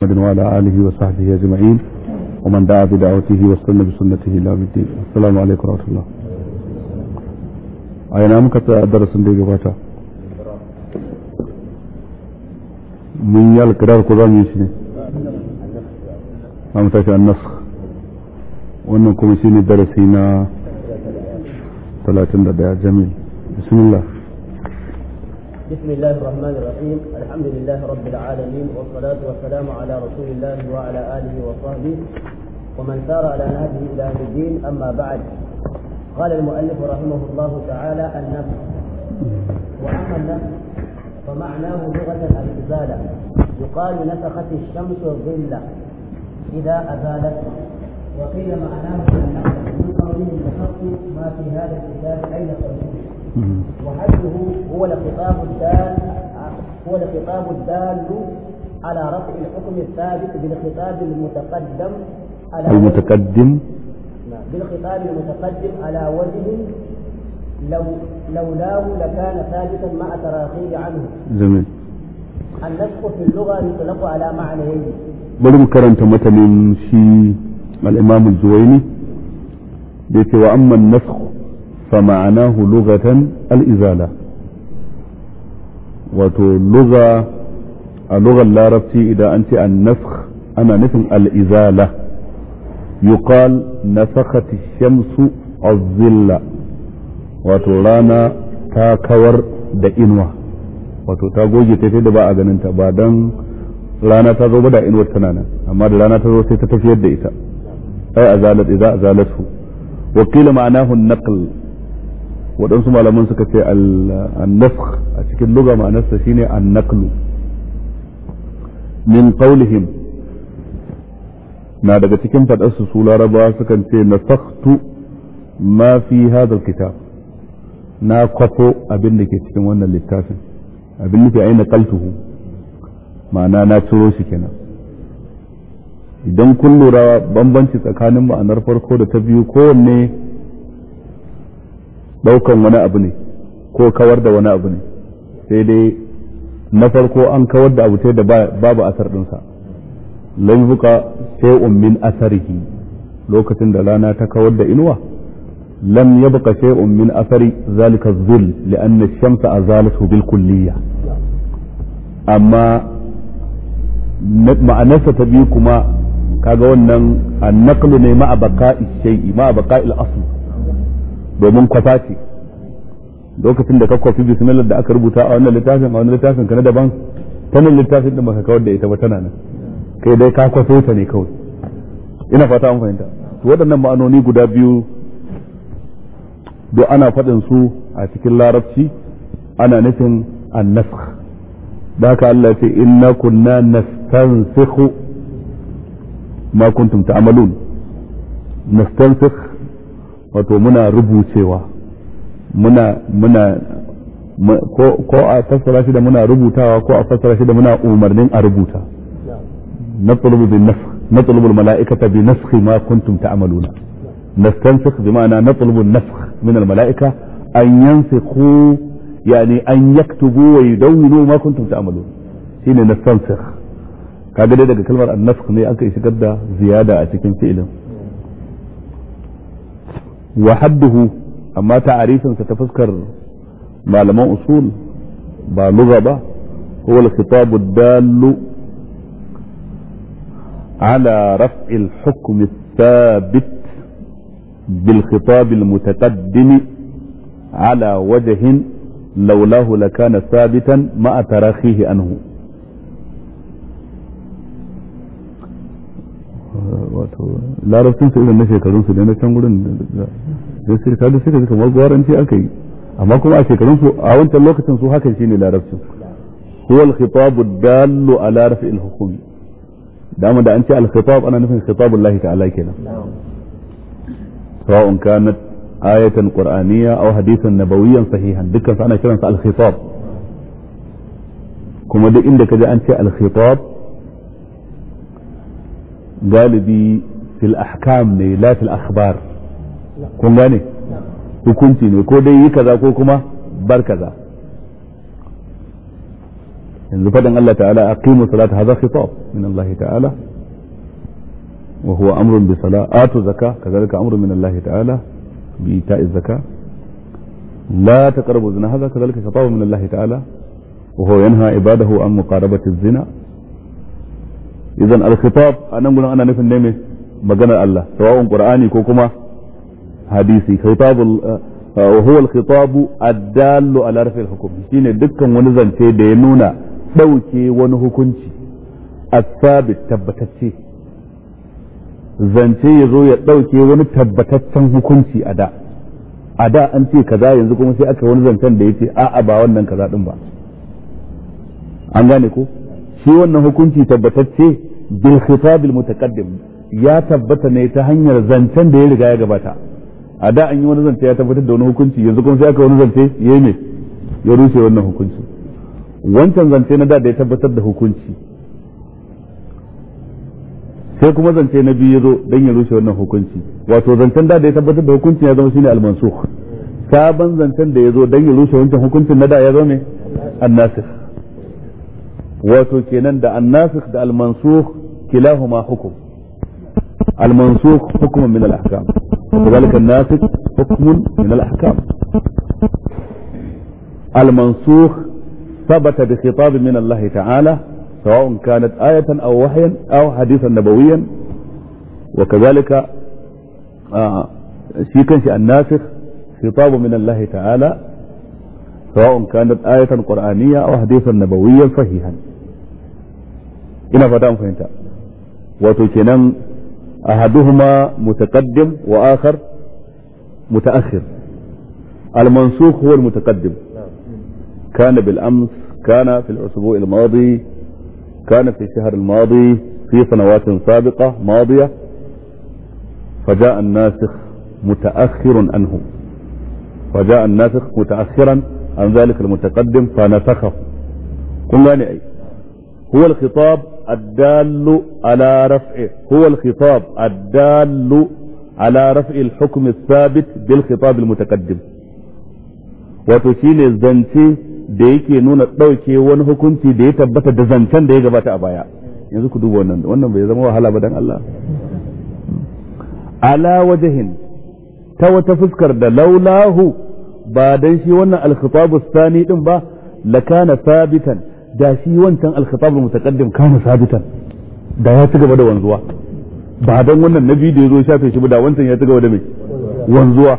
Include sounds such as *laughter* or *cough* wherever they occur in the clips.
محمد وعلى آله وصحبه أجمعين ومن دعا بدعوته واستنى بسنته إلى يوم الدين السلام عليكم ورحمة الله أين أمك درس دي باتا من يال قرار قرآن يشني أم تاشي النسخ وأنكم يشيني درسينا دعا جميل بسم الله بسم الله الرحمن الرحيم الحمد لله رب العالمين والصلاة والسلام على رسول الله وعلى آله وصحبه ومن سار على نهجه إلى أهل الدين أما بعد قال المؤلف رحمه الله تعالى النفس وأما النفس فمعناه لغة الإزالة يقال نفخت الشمس الظلة إذا أزالت وقيل معناه النفس من قوله ما في هذا الكتاب أين قوله وحده هو الخطاب الدال هو الخطاب الدال على رفع الحكم الثابت بالخطاب المتقدم على المتقدم نعم، بالخطاب المتقدم على وجه لو لولاه لكان ثابتا مع تراخيه عنه. جميل. النسخ في اللغة يطلق على معنيين. بل مكرمت متن شي الإمام الزويني بيتي وأما النسخ فمعناه لغة الإزالة وتو لغة اللغة اللاربتي إذا أنت النفخ أنا نفخ الإزالة يقال نفخت الشمس الظل وتو رانا تاكور دئنوة وتو تاقوجي تفيد با أغن انت بادن رانا تاغو بدا إنوة تنانا أما رانا تاغو ستتفيد دئتا أي أزالت إذا أزالته وقيل معناه النقل waɗansu malaman suka ce annafk a cikin luga ma'anarsa shine annaklu min qawlihim na daga cikin faɗarsu su laraba suka ce nasakhtu ma fi hadha kitab na kwafo abin da ke cikin wannan littafin abin nufi aina kaltuhu ma'ana na ciro shi kenan idan kun lura bambanci tsakanin ma'anar farko da ta biyu kowanne daukan wani abu ne ko kawar da wani abu ne sai dai na farko an kawar da abu sai da babu asar dinsa lai buka sai ummin asarihi lokacin da rana ta kawar da inuwa lam yabqa shay'un min athari zalika dhul li'anna ash-shamsa azalathu bil kulliyya amma ma'anarsa ta biyu kuma kaga wannan annaqlu ne ma'a shay'i ma'a baqa'il asl domin kwasa ce lokacin da ka kwafi bismillah da aka rubuta a wannan littafin a wannan littafin ka na daban ta nan littafin din baka kawar da ita ba tana nan kai dai ka kwaso ta ne kawai ina fata an fahimta to waɗannan ma'anoni guda biyu do ana faɗin su a cikin larabci ana nufin annasakh da haka Allah ce inna kunna nastansikhu ma kuntum ta'malun nastansikh wato muna rubucewa muna muna ko a fassara shi da muna rubutawa ko a fassara shi da muna umarnin a rubuta natlubu bin nafs bi nafsi ma kuntum ta'maluna nastansikh an-nafkh min kaga dai daga kalmar ne aka da ziyara a cikin fi'ilin وحده أما تعريفا ما معلمة أصول بلغة با هو الخطاب الدال على رفع الحكم الثابت بالخطاب المتقدم على وجه لولاه لكان ثابتا ما تراخيه أنه wato larabcin su irin na shekarun su ne na can gudun da sai ka da suka kamar gwaranci aka yi amma kuma a shekarun su a wancan lokacin su hakan shi ne larabcin huwa al-khitab ad-dallu ala rafi al dama da an ce alkhitab ana nufin khitabullah ta'ala kenan sawa'un kanat ayatan qur'aniyya aw hadithan nabawiyyan sahihan dukkan su ana kiransa alkhitab kuma duk inda kaje an ce alkhitab قال دي في الأحكام ني لا في الأخبار كن غاني وكنتي ني كو دي كذا كو كما بر كذا إن فدن الله تعالى أقيموا صلاة هذا خطاب من الله تعالى وهو أمر بصلاة آتوا زكاة كذلك أمر من الله تعالى بإيتاء الزكاة لا تقربوا الزنا هذا كذلك خطاب من الله تعالى وهو ينهى عباده عن مقاربة الزنا idan al-khitab anan gurin ana nufin ne mai maganar Allah sawa'un qur'ani ko kuma hadisi khitabul eh, eh, wa huwa al-khitab ad-dallu ala rafi al-hukm shine dukkan wani zance da ya nuna dauke wani hukunci as-sabit tabbatacce zance ya zo ya dauke wani tabbataccen hukunci a da a da an ce kaza yanzu kuma sai aka wani zancen da yace a a ba wannan kaza din ba an gane ko shi wannan hukunci tabbatacce bil khitab al mutaqaddim ya tabbata ne ta hanyar zancen da ya riga ya gabata a da an yi wani zance ya tabbatar da wani hukunci yanzu kuma sai aka wani zance ya yi ya rushe wannan hukunci wancan zance na da da ya tabbatar da hukunci sai kuma zance na biyu ya zo don ya rushe wannan hukunci wato zancen da da ya tabbatar da hukunci ya zama shine al-mansukh sabon zancen da ya zo don ya rushe wancan hukuncin na da ya zama ne an wato kenan da annasikh da almansukh kilahuma hukum almansukh hukmun min al-ahkam كذلك الناسخ حكم من الأحكام المنسوخ ثبت بخطاب من الله تعالى سواء كانت آية أو وحيا أو حديثا نبويا وكذلك آه شيء الناسخ خطاب من الله تعالى سواء كانت آية قرآنية أو حديثا نبويا فهيها ina fata an fahimta wato kenan ahaduhuma mutaqaddim wa akhar mutaakhir المنسوخ هو المتقدم كان بالأمس كان في الأسبوع الماضي كان في الشهر الماضي في سنوات سابقة ماضية فجاء الناسخ متأخر عنه فجاء الناسخ متأخرا عن ذلك المتقدم فنسخه kun gane ai هو الخطاب الدال على رفع هو الخطاب الدال على رفع الحكم الثابت بالخطاب المتقدم وتشيني الزنتي ديكي نون الطوكي وان حكمتي دي تبت الزنتان دي أبايا ينزو كدو ونن ونن بيزم وحلا بدن الله على وجه تو تفسكر دا لولا هو بعدين شي الخطاب الثاني لكان ثابتا da shi wancan al-khitab al-mutaqaddim kana sabitan da ya ci gaba da wanzuwa ba dan wannan nabi da yazo shafe shi ba da wancan ya ci gaba da mai wanzuwa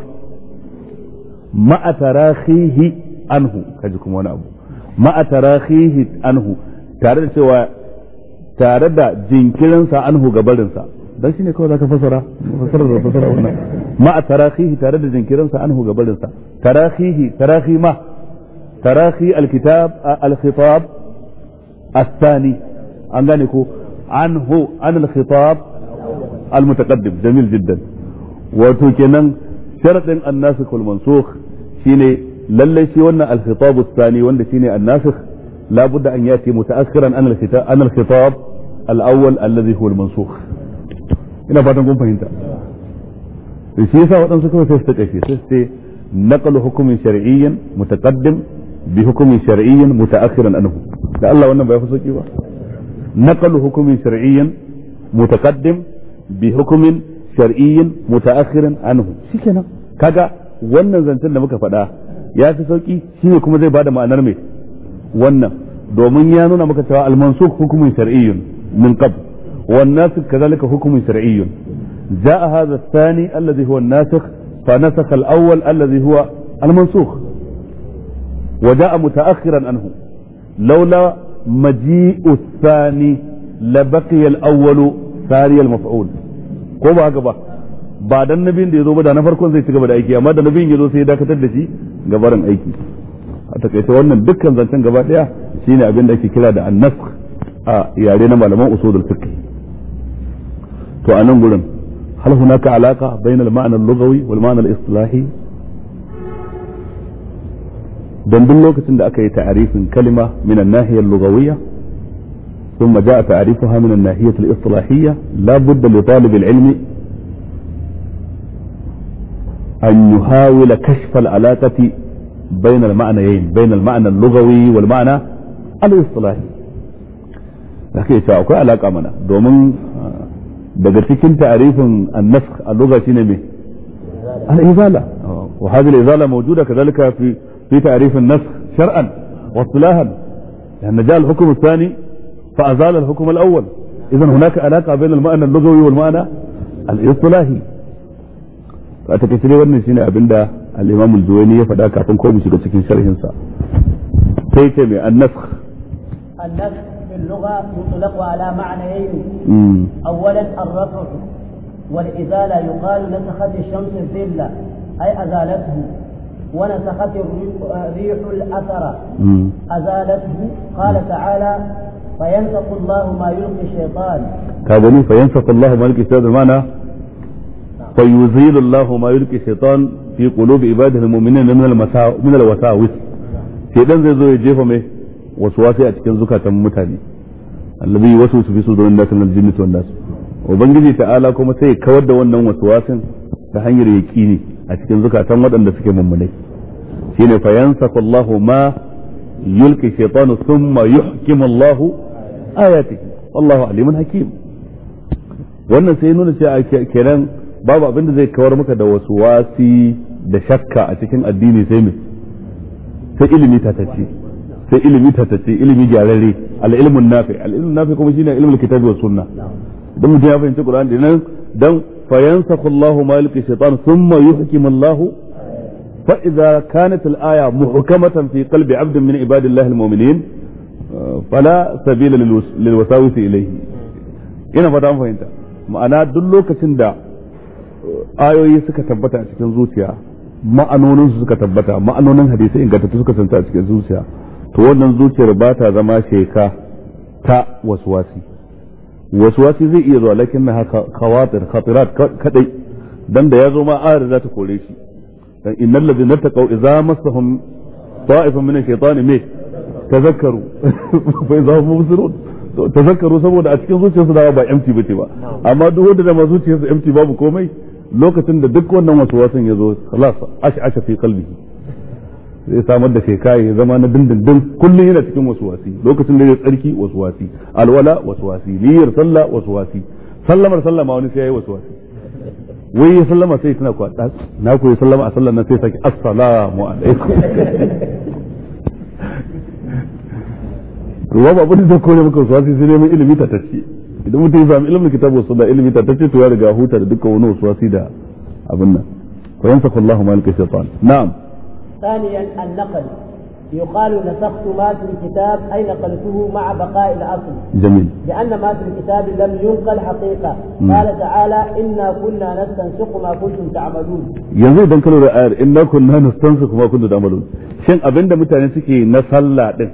ma'a tarahihi anhu kaji kuma wani abu ma'a tarahihi anhu tare da cewa tare da jinkirinsa anhu gabarinsa dan shine kawai zaka fasara fasara da fasara wannan ma'a tarahihi tare da jinkirinsa anhu gabarinsa tarahihi tarahi ma tarahi alkitab alkhitab الثاني عن ذلك عنه عن الخطاب المتقدم جميل جدا وتوكينا شرط الناسخ والمنسوخ شيني للي شيونا الخطاب الثاني وان شيني الناسخ لا بد ان ياتي متاخرا عن الخطاب عن الخطاب الاول الذي هو المنسوخ انا هنا فاتنكم فهمت الشيء سوى تنسخ وسيستقشي نقل حكم شرعي متقدم بحكم شرعي متأخرا أنه لا الله وانا بيفسكي نقل حكم شرعي متقدم بحكم شرعي متأخرا أنه شكنا كذا وانا زنتنا بك فدا يا فسكي شيني كما زي بعد ما نرمي وانا دومن يانو نمك سواء المنسوخ حكم شرعي من قبل والناس كذلك حكم شرعي جاء هذا الثاني الذي هو الناسخ فنسخ الأول الذي هو المنسوخ وجاء متأخرا عنه لولا مجيء الثاني لبقي الأول ثاني المفعول كوبا هكذا بعد النبي دي زوبا دانا فرقون زي تقبل ايكي اما دانا بين يدو سيدا كتب لسي قبرا ايكي حتى كي سوانا دكا زنشان قبرا ليا سينا ابن ايكي كلا دا النسخ آه، يا رينا ما لما اصود الفقه تو انا نقول هل هناك علاقة بين المعنى اللغوي والمعنى الاصطلاحي don duk lokacin da aka yi ta'arifin kalima minan nahiyar ثم جاء تعريفها من الناحية الإصطلاحية لا بد لطالب العلم أن يحاول كشف العلاقة بين المعنيين بين المعنى اللغوي والمعنى الإصطلاحي لكن إذا أكون علاقة منا دومن بدرتك تعريف النسخ اللغة سينمي الإزالة وهذه الإزالة موجودة كذلك في في تعريف النسخ شرعا واصطلاحا لان جاء الحكم الثاني فازال الحكم الاول اذا هناك علاقه بين المعنى اللغوي والمعنى الاصطلاحي فاتكسري وني سنة ابندا الامام الزويني يفدا كافن كومي شيغا cikin شرحه سا سي النسخ النسخ في اللغه يطلق على معنيين اولا الرفع والازاله يقال نسخت الشمس الذله اي ازالته ونسخت الريح الأثر أزالته قال تعالى فينسق الله ما يلقي الشيطان كابني فينسق الله ما يلقي الشيطان بمعنى نعم. فيزيل الله ما يلقي الشيطان في قلوب عباده المؤمنين من المسا... من الوساوس شيطان زي زي جيفو مي إيه؟ وسواسي a cikin zukatan mutane allabi wasu su fi sudurin nasu na jinnatu wannan ubangiji ta'ala kuma sai kawar da wannan waswasin ta hanyar yaqini a cikin zukatan waɗanda suke mummunai shine fa yansakullahu ma yulki shaytanu thumma yuhkimu Allahu ayatihi wallahu alimun hakim wannan sai nuna cewa kenan babu abin da zai kawar maka da wasu wasi da shakka a cikin addini sai me sai ilimi tatacce sai ilimi tatacce ilimi gyararre al-ilmun nafi al-ilmun nafi kuma shine ilmul kitabi was sunna dan mutum ya fahimci Qur'ani dinan dan فينسخ الله ما يلقي الشيطان ثم يحكم الله فإذا كانت الآية محكمة في قلب عبد من عباد الله المؤمنين فلا سبيل للوساوس إليه ina fata an fahimta ma'ana duk lokacin da ayoyi suka tabbata a cikin zuciya ma'anonin su suka tabbata ma'anonin hadisai ingantattu suka tsanci a cikin zuciya to wannan zuciyar ba ta zama sheka ta waswasi wasu wasi zai iya zuwa lakin na kawatar kawatir khatirat kadai dan da ya zo ma ayar za ta kore shi dan innal ladina taqaw idza massahum ta'ifun min ash-shaytani me tazakkaru *laughs* fa idza hum mubsirun to tazakkaru saboda a cikin zuciyarsu da ba empty bace ba amma duk wanda da ma zuciyarsa empty babu komai lokacin da duk wannan wasu wasan ya zo khalas ash asha fi qalbihi zai samar da shekara zama na dindindin kullum yana cikin wasuwasi lokacin da ya tsarki wasuwasi alwala wasuwasi niyyar sallah wasuwasi sallamar sallama wani sai yayi wasuwasi wai ya sallama sai tana ku na ku sallama a sallan nan sai saki assalamu alaikum ruwa ba abin da kore muka wasuwasi sai neman ilimi ta tace idan mutum ya samu ilimin kitabu da ilimi ta tace to ya riga huta da dukkan wani wasuwasi da abin nan fa yansakullahu malika shaytan na'am ثانيا النقل يقال نسخت ما في الكتاب أي نقلته مع بقاء الأصل جميل لأن ما في الكتاب لم ينقل حقيقة قال تعالى إنا كنا نستنسخ ما كنتم تعملون ينزل دنكلو رأير إنا كنا نستنسخ ما كنتم تعملون شين أبند متعنسكي نسلع ده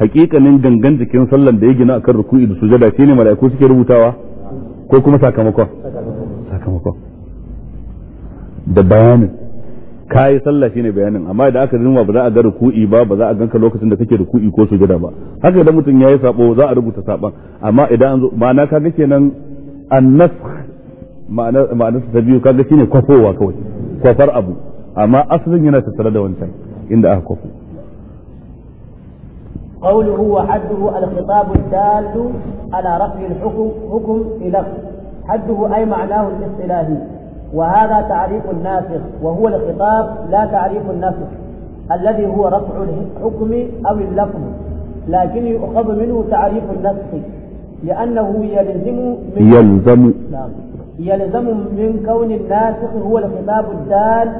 حقيقة ننجن جنج كيون صلى الله عليه وسلم كان ركوئي دو سجادة سيني ملايا كيرو بتاوا كوكو ما ساكا مكو ساكا مكو ده kayi sallah shine bayanin amma idan aka rinwa ba za a ga ruku'i ba ba za a ganka lokacin da kake ruku'i ko su gida ba haka idan mutum yayi sabo za a rubuta saban amma idan an zo ma'ana kaga kenan annas ma'ana ma'ana ta biyu kaga shine kwafowa kawai kwafar abu amma asalin yana tattare da wancan inda aka kwafo قوله وحده الخطاب الدال على رفع الحكم حكم إلى حده أي معناه الاصطلاحي وهذا تعريف الناسخ وهو الخطاب لا تعريف النفخ الذي هو رفع الحكم أو اللفظ لكن يؤخذ منه تعريف النسخ لأنه يلزم من يلزم نعم يلزم من كون الناسخ هو الخطاب الدال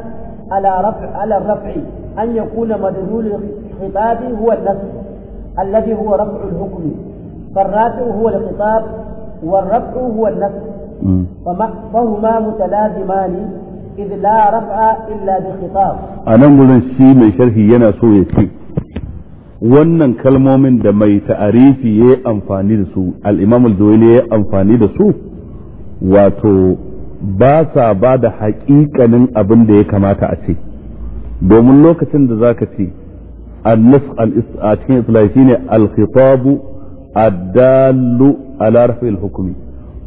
على رفع على الرفع أن يكون مدلول الخطاب هو النسخ الذي هو رفع الحكم فالرافع هو الخطاب والرفع هو النسخ فهما متلازمان إذ لا رفع إلا بخطاب أنا مولن شي من شرحي ينا سو wannan kalmomin da mai ta'arifi ya yi amfani da su al'imam al ya yi amfani da su wato ba sa ba da haƙiƙanin abin da ya kamata a ce domin lokacin da za ka ce النص a cikin islahi shine al-khitabu ad-dallu ala rafi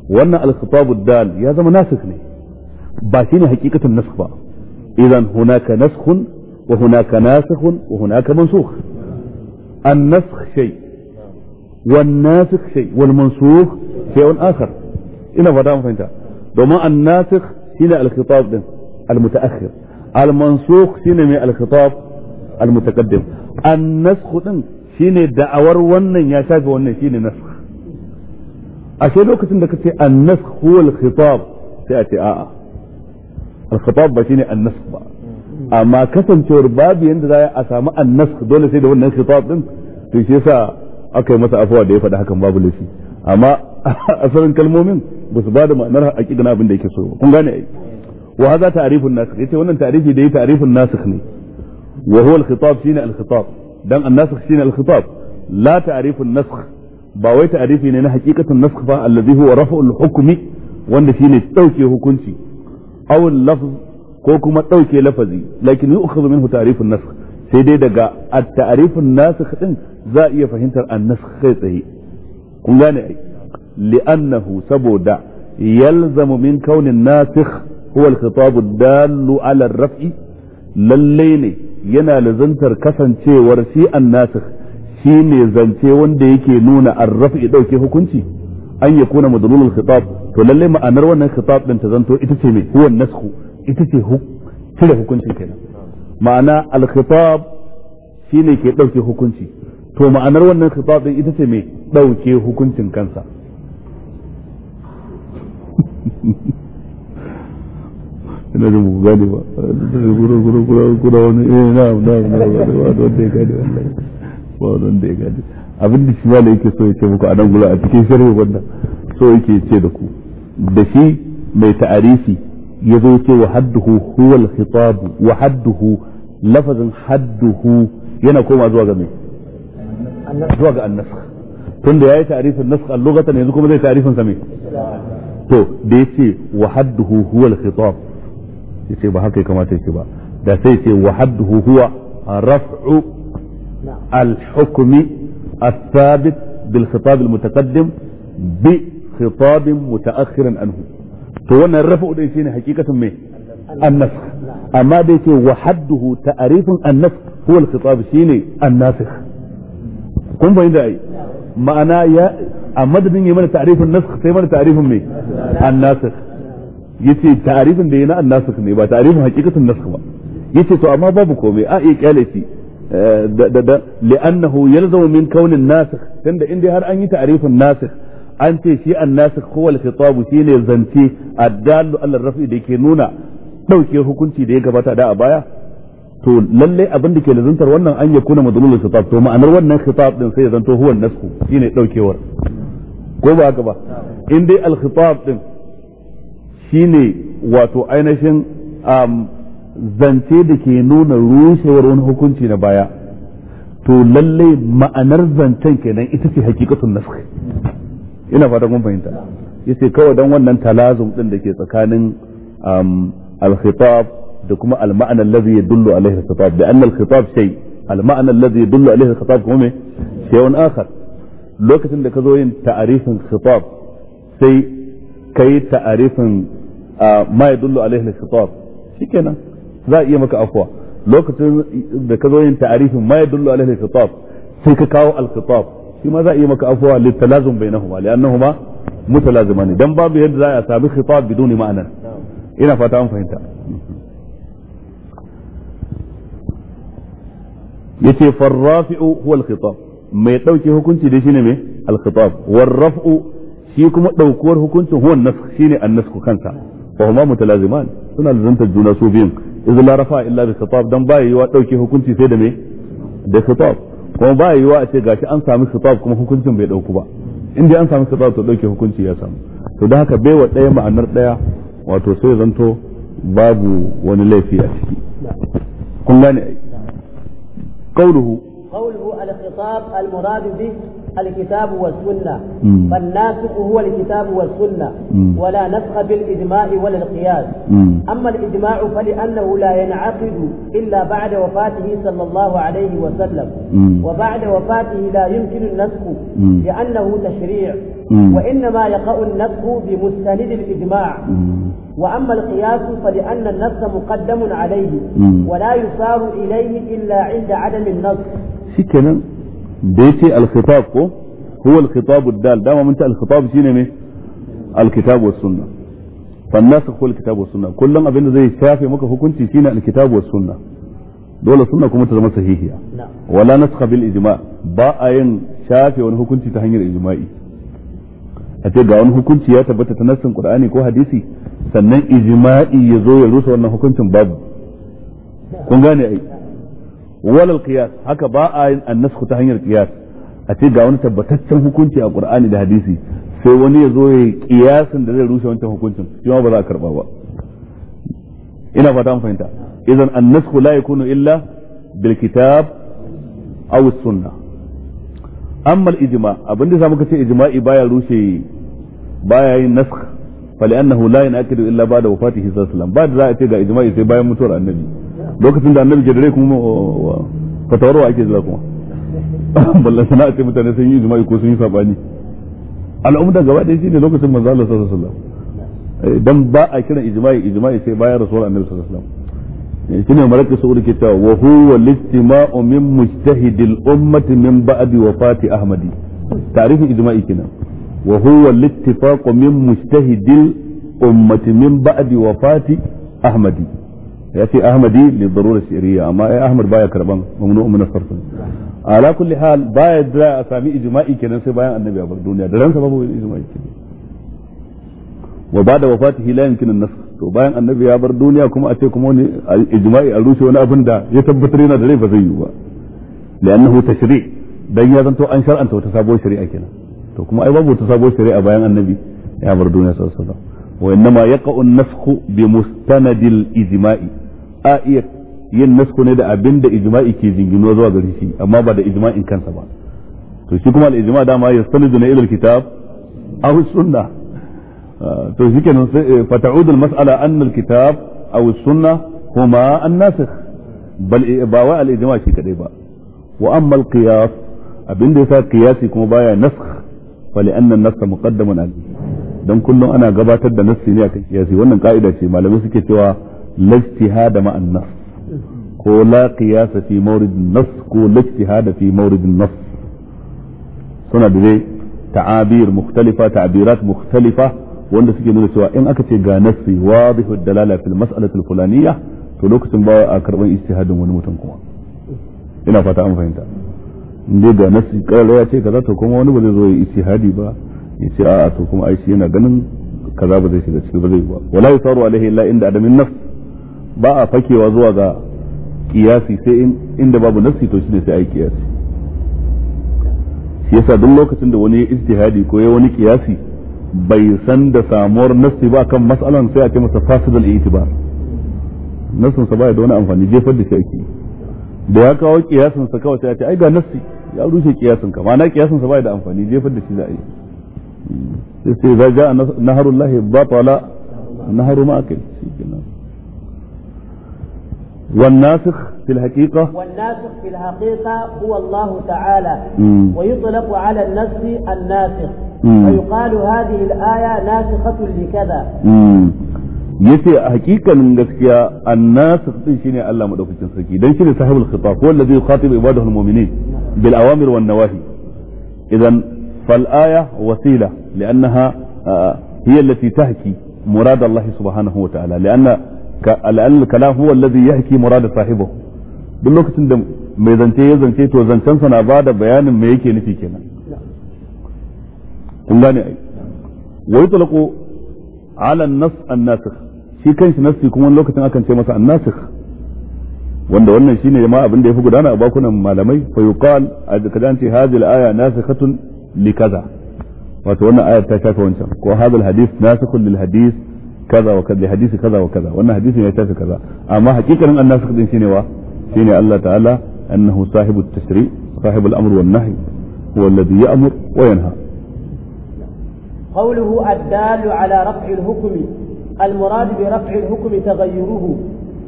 wannan الخطاب الدال dal ya zama nasikh ne ba shine hakikatun nasikh ba idan hunaka nasikhun wa hunaka nasikhun wa hunaka mansukh an-nasikh shay والناسخ شيء والمنسوخ شيء آخر إلى فدا فهمت دوما الناسخ هنا الخطاب ده المتأخر المنسوخ هنا من الخطاب المتقدم النسخ ده شيء دعور ونن يا شافي ونن شيء نسخ ashe lokacin da kace annas huwal al-khitab sai a ce a'a al-khitab ba shine annas ba amma kasancewar babu yanda za a samu annas dole sai da wannan khitab din to shi yasa aka yi masa afuwa da ya faɗi hakan babu laifi amma *laughs* asalin kalmomin ba su bada ma'anar haƙiƙin abin da yake so kun gane ai wa hadha ta'rifun nasikh yace wannan ta'rifi da yi ta'rifun nasikh ne wa huwa al-khitab shine al-khitab dan an-nasikh shine al-khitab la ta'rifun nasikh ba wai ta'arifi ne na haqiqatan nafkh ba allazi huwa raf'ul hukmi wanda shine dauke hukunci aw lafz ko kuma dauke lafazi lakin yu'khadhu minhu ta'rifun nafkh sai dai daga at-ta'rifun nasikh din za a iya fahimtar an-nafkh kai tsaye kun gane ai li'annahu saboda yalzamu min kaunin nasikh huwa al-khitab ad-dallu ala ar-raf'i lalle ne yana lazantar kasancewar shi an-nasikh shi ne zance wanda yake nuna arrafi dauke hukunci an ya kuna madalulul khitab to lalle ma'anar wannan khitab din ta zanto ita ce mai huwan nasku ita ce cire hukuncin kenan ma'ana al-khitab shine ke dauke hukunci to ma'anar wannan khitab din ita ce mai dauke hukuncin kansa ina da gane ba gura gura gura wani eh wanda ya wallahi ba wanda ya gane abin da shi wala yake so ya ce muku a nan gula a cikin sharhi wannan so yake ce da ku da shi mai ta'arifi ya zo ce wa hadduhu huwa al-khitab wa hadduhu lafazin hadduhu yana koma zuwa ga me zuwa ga an-nasakh tunda yayi ta'rifin nasakh al-lughatan yanzu kuma zai ta'rifin sa me to da yace wa hadduhu huwa al-khitab yace ba haka ya kamata yace ba da sai yace wa hadduhu huwa raf'u الحكم الثابت بالخطاب المتقدم بخطاب متاخر عنه فوانا الرفق دي شيني حقيقة مي النسخ أما ديكي وحده تعريف النسخ هو الخطاب شيني الناسخ كم بين أي ما يا أما بين من تعريف النسخ تي من تعريف مي الناسخ يتي تعريف دينا الناسخ ني با تعريف حقيقة النسخ يتي تو أما بابو كومي آه، أي كالي إيه؟ li'annahu yalzamu min kaunin nasikh tunda in dai har an yi ta'rifin nasikh an ce shi an-nasikh huwa al-khitab shine zance addallu ala rafi da ke nuna dauke hukunci da ya gabata da a baya to lalle abin da ke lazantar wannan an yakuna madlulul khitab to ma'anar wannan khitab din sai ya zanto huwa nasku. nasikh shine daukewar ko ba haka ba in dai al-khitab din shine wato ainihin um, zance da ke nuna rushewar wani hukunci na baya to lalle ma'anar zancen kenan ita ce hakikatun nasakh ina fatan kun fahimta yace kawai dan wannan talazum din da ke tsakanin al-khitab da kuma al-ma'ana allazi yadullu alaihi al-khitab da anna al-khitab shay al-ma'ana allazi yadullu alaihi al-khitab kuma me shay'un akhar lokacin da ka zo yin ta'arifin khitab sai kai ta'arifin ma yadullu alaihi al-khitab shikenan za a iya maka afwa lokacin da ka zo yin ta'arifin ma ya yadullu alaihi al-khitab sai ka kawo al-khitab shi ma za a iya maka afwa talazum bainahuma li annahuma mutalazimani dan babu yadda za a sami khitab bidun ma'ana ina fata an fahimta yace farrafi'u huwa al-khitab mai dauke hukunci da shine me al-khitab raf'u shi kuma daukuwar hukuncin huwa an-nafs shine an-nafs kansa fa huma mutalazimani suna lazantar juna su biyun idza la rafa illa bi khitab dan ba yiwa dauke hukunci sai da me da khitab kuma ba yiwa a ce gashi an sami khitab kuma hukuncin bai dauku ba in dai an sami khitab to dauke hukunci ya samu to dan haka bai wa daya ma'anar daya wato sai zanto babu wani laifi a ciki kun gane ai قوله الخطاب المراد به الكتاب والسنة فالناسخ هو الكتاب والسنة ولا نسخ بالإجماع ولا القياس أما الإجماع فلأنه لا ينعقد إلا بعد وفاته صلى الله عليه وسلم وبعد وفاته لا يمكن النسخ لأنه تشريع وإنما يقع النسخ بمستند الإجماع وأما القياس فلأن النص مقدم عليه ولا يصار إليه إلا عند عدم النص shikenan da yace al-khitab ko huwa al-khitab dal dama mun ta al-khitab shine ne al-kitab was sunna فالناسخ هو الكتاب kullum abinda zai shafe maka hukunci حكمتي شينا الكتاب والسنة dole sunna kuma ta zama sahihiya wala naskha bil ijma ba a yin shafe wani hukunci ta hanyar ijma'i a ce ga wani hukunci ya tabbata ta nassin qur'ani ko hadisi sannan ijma'i ya zo ya rusa wannan hukuncin babu kun gane ai wala al-qiyas haka ba a yin annasku ta hanyar qiyas a ce ga wani tabbataccen hukunci a qur'ani da hadisi sai wani ya zo ya qiyasin da zai rushe wancan hukuncin shi ba za a karba ba ina fata an fahimta idan annasku la yakunu illa bil kitab aw sunna amma al-ijma abinda sa muka ce ijma'i baya rushe baya yin nasakh فلأنه illa ينأكد إلا بعد وفاته ba da za a ce ga ijma'i sai bayan mutuwar annabi. lokacin da annabi ke da rai kuma fatawarwa ake jira kuma *laughs* ballan sana'a ce mutane sun yi jima'i ko sun yi sabani al'umma gaba ɗaya shine lokacin manzo Allah sallallahu alaihi wasallam eh, dan ba a kiran ijma'i ijma'i sai bayan rasul annabi sallallahu alaihi wasallam eh, shine maraka sa'ud ke cewa wa huwa al-istima'u min mujtahidil ummati min ba'di wafati ahmadi ta'rifin ijma'i kenan wa huwa al-ittifaqu min mujtahidil ummati min ba'di wafati ahmadi ya ce ahmadi li darura shari'a amma ai ahmad baya karban mamnu min sarf ala kulli hal baya da a sami ijma'i kenan sai bayan annabi a bar duniya da ransa babu ijma'i kenan wa ba'da wafatihi la yumkin an-nasakh to bayan annabi ya bar duniya kuma a ce kuma wani ijma'i a rushe wani abin da ya tabbatar yana da rai ba zai yi ba li'annahu tashri' dan ya zanto an shar'anta wata sabuwar shari'a kenan to kuma ai babu wata sabuwar shari'a bayan annabi ya bar duniya sallallahu alaihi wasallam wa innama yaqa'u an-nafkhu bi mustanadil ijma'i a iya yin nasku ne da abin da ijma'i ke jingino zuwa gare shi amma ba da ijma'in kansa ba to shi kuma al-ijma dama na ilal kitab aw sunna ah, to shi kenan sai eh, al-mas'ala anna al-kitab aw sunna huma an-nasikh bal eh, ba wa al-ijma shi kadai ba wa amma al-qiyas abin da yasa qiyasi kuma baya nasakh fa li anna an-nass muqaddamun alayhi dan kullum ana gabatar da nassi ne akan qiyasi wannan ka'ida ce malamai suke cewa لا اجتهاد مع النص كو لا قياس في مورد النص كو لا اجتهاد في مورد النص سنة بذي تعابير مختلفة تعبيرات مختلفة وانا سيكي نولي سواء ان اكتي غا نفسي واضح الدلالة في المسألة الفلانية تلوك سنبا اكربان اجتهاد من كوان انا فاتا ام فهمتا ndai ga nasi kala ya ce kaza to kuma wani ba zai zo ya isi hadi ba ya ce a'a to kuma aishi yana ganin kaza ba shiga ciki ba ba wala yusaru alaihi illa inda adamin nafs ba a fakewa zuwa ga kiyasi sai inda babu nassi to shine sai ai kiyasi shi yasa duk lokacin da wani ya ko ya wani kiyasi bai san da samuwar nassi ba kan matsalan sai a ce masa fasidal itibar nassin sa ba da wani amfani jefar da shi ake da ya kawo kiyasin sa kawai sai a ce ai ga nassi ya rushe kiyasin ka ma'ana kiyasin sa ba da amfani jefar da shi za a yi sai sai za ja naharullahi batala naharu ma'akai shi kenan والناسخ في الحقيقة والناسخ في الحقيقة هو الله تعالى ويطلق على النسخ الناسخ ويقال هذه الآية ناسخة لكذا يسي حقيقة من قسكيا الناسخ شيني ألا مدوك تنسكي دنشيني صاحب الخطاب هو الذي يخاطب عباده المؤمنين بالأوامر والنواهي إذا فالآية وسيلة لأنها آه، هي التي تحكي مراد الله سبحانه وتعالى لأن al'alkalam huwa alladhi yahki murada sahibihi duk lokacin da mai zance ya zance to zancensa na bada bayanin me yake nufi kenan kun gane ai wa yutlaqu ala an-nas an-nasikh shi kanshi nasi kuma lokacin akan ce masa an-nasikh wanda wannan shine jama'a abin da yafi gudana a bakunan malamai fa yuqal kaza an ce hadhihi al-aya nasikhatun li kaza wato wannan ayar ta shafa wancan ko hadha al-hadith nasikhun lil hadith كذا وكذا لحديث كذا وكذا وان حديث ما كذا اما حقيقه ان الناس قد شنو شنو الله تعالى انه صاحب التشريع صاحب الامر والنهي هو الذي يامر وينهى قوله الدال على رفع الحكم المراد برفع الحكم تغيره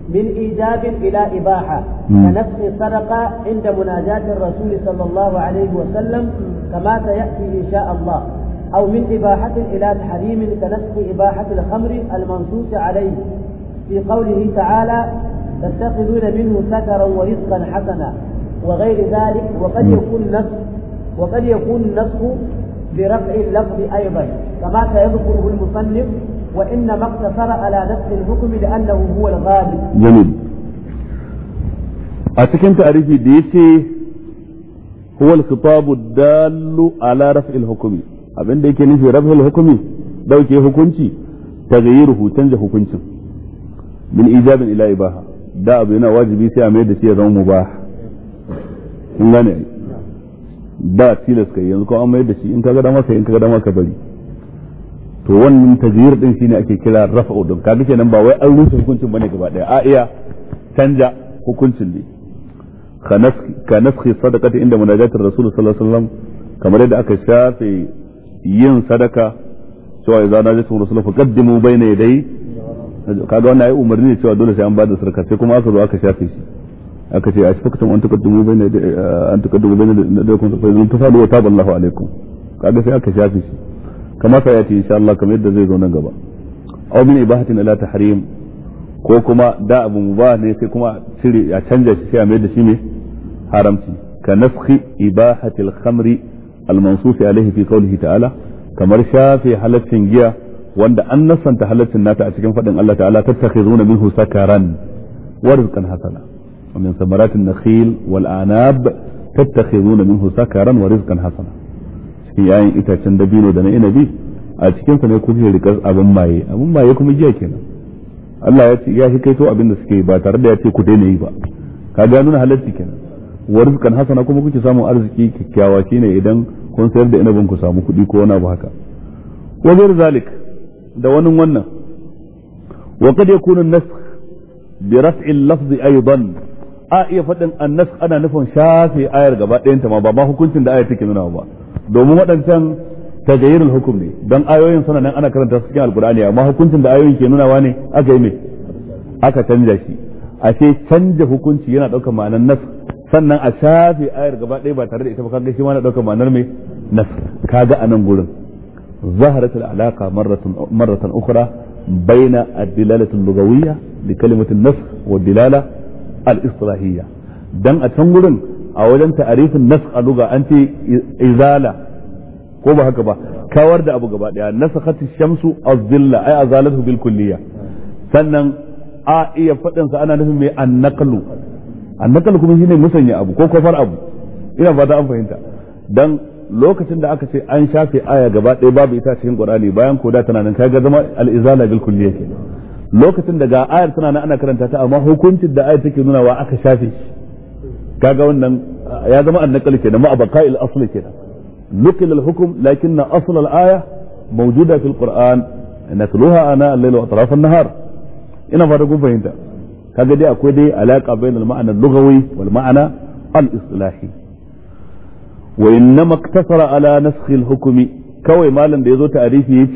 من ايجاب الى اباحه كنفس سرقه عند مناجاه الرسول صلى الله عليه وسلم كما سياتي ان شاء الله أو من إباحة إلى تحريم كنفس إباحة الخمر المنصوص عليه في قوله تعالى تتخذون منه سكرا ورزقا حسنا وغير ذلك وقد يكون النسخ وقد يكون النسخ برفع اللفظ أيضا كما سيذكره المصنف وإنما اقتصر على نسخ الحكم لأنه هو الغالب جميل أتكلم تعريفي ديتي هو الخطاب الدال على رفع الحكم abin da yake nufi rabhul hukumi dauke hukunci taghayyuruhu da hukuncin min ijabin ila ibaha da abu yana wajibi sai a mai da shi ya zama mubah kun gane da tilas kai yanzu ko an mai da shi in ka ga dama kai in ka ga dama ka bari to wannan taghayyur din shine ake kira rafa'u dun kaga kenan ba wai an rusa hukuncin bane gaba daya a iya canja hukuncin ne ka nafki sadaqati inda munajatir rasul sallallahu alaihi wasallam kamar yadda aka shafe yin sadaka cewa idan idza najatu rasulun faqaddimu bayna yaday kaga wannan ai umarni cewa dole sai an bada sadaka sai kuma aka zo aka shafe shi aka ce a shi fakatun an tukaddimu bayna an tukaddimu bayna yadaykum fa idan tafadu wa taballahu alaikum kaga sai aka shafe shi kama fa yati insha Allah kamar yadda zai zo nan gaba aw min ibahatin ila tahrim ko kuma da abu mubah ne sai kuma cire ya canja shi sai a mai da shi ne haramci ka nafkhi ibahatil khamri al-mansusi alaihi fi qawlihi ta'ala kamar shafe halaccin giya wanda an nasanta halaccin nata a cikin faɗin Allah ta'ala tattakhizuna minhu sakaran wa rizqan hasana min samaratin nakhil wal anab tattakhizuna minhu sakaran wa rizqan hasana cikin yayin itacen dabino da na inabi a cikin sa ne kuke rikar abin maye abin maye kuma giya kenan Allah ya ce ya shi kaito abin da suke ba tare da ya ce ku daina yi ba ka ga nuna halatti kenan wa rizqan hasana kuma kuke samun arziki kikkiawa shine idan kun sayar da inabin ku samu kuɗi ko wani abu haka wa ghayr zalik da wani wannan wa qad yakunu an-nasakh bi raf'i al-lafz aidan a iya faɗin annas ana nufin shafe ayar gaba ɗayanta ma ba ma hukuncin da ayar take nuna ba domin waɗancan tagayyirul hukum ne don ayoyin suna nan ana karanta su cikin alkur'ani amma hukuncin da ayoyin ke nunawa ne aka yi mai. aka canja shi ashe canja hukunci yana ɗaukar ma'anar nas sannan a shafe ayar gaba ɗaya ba tare da ita ba kaga shi ma na ɗaukar ma'anar mai. نفر كاد أنا نقول ظهرت العلاقة مرة مرة أخرى بين الدلالة اللغوية لكلمة النسخ والدلالة الإصطلاحية دم أتنقل أو لن تعريف النسخ اللغة أنت إزالة كوبا هكبا كورد أبو كبا يعني نسخت الشمس الظلة أي أزالته بالكلية سنن آ إيا فتن سأنا نفهم النقل النقل كم هنا مسنى أبو كو أبو إلا فتا أم فهمت دم lokacin da aka ce an shafe aya gaba ɗaya babu ita cikin qur'ani bayan ko da tana nan kaga zama al-izala bil kulliyya lokacin da ga ayar tana nan ana karanta ta amma hukuncin da ayar take nuna wa aka shafe kaga wannan ya zama annaqal kenan ma abqa'il asl kenan nukil al-hukm lakinna asl al-aya mawjuda fil qur'an natluha ana al-layl wa atraf an-nahar ina fata kun fahimta kaga dai akwai dai alaka bainal ma'ana lughawi wal ma'ana al-islahi wa inna maktasara kawai malam da yazo ta'arifi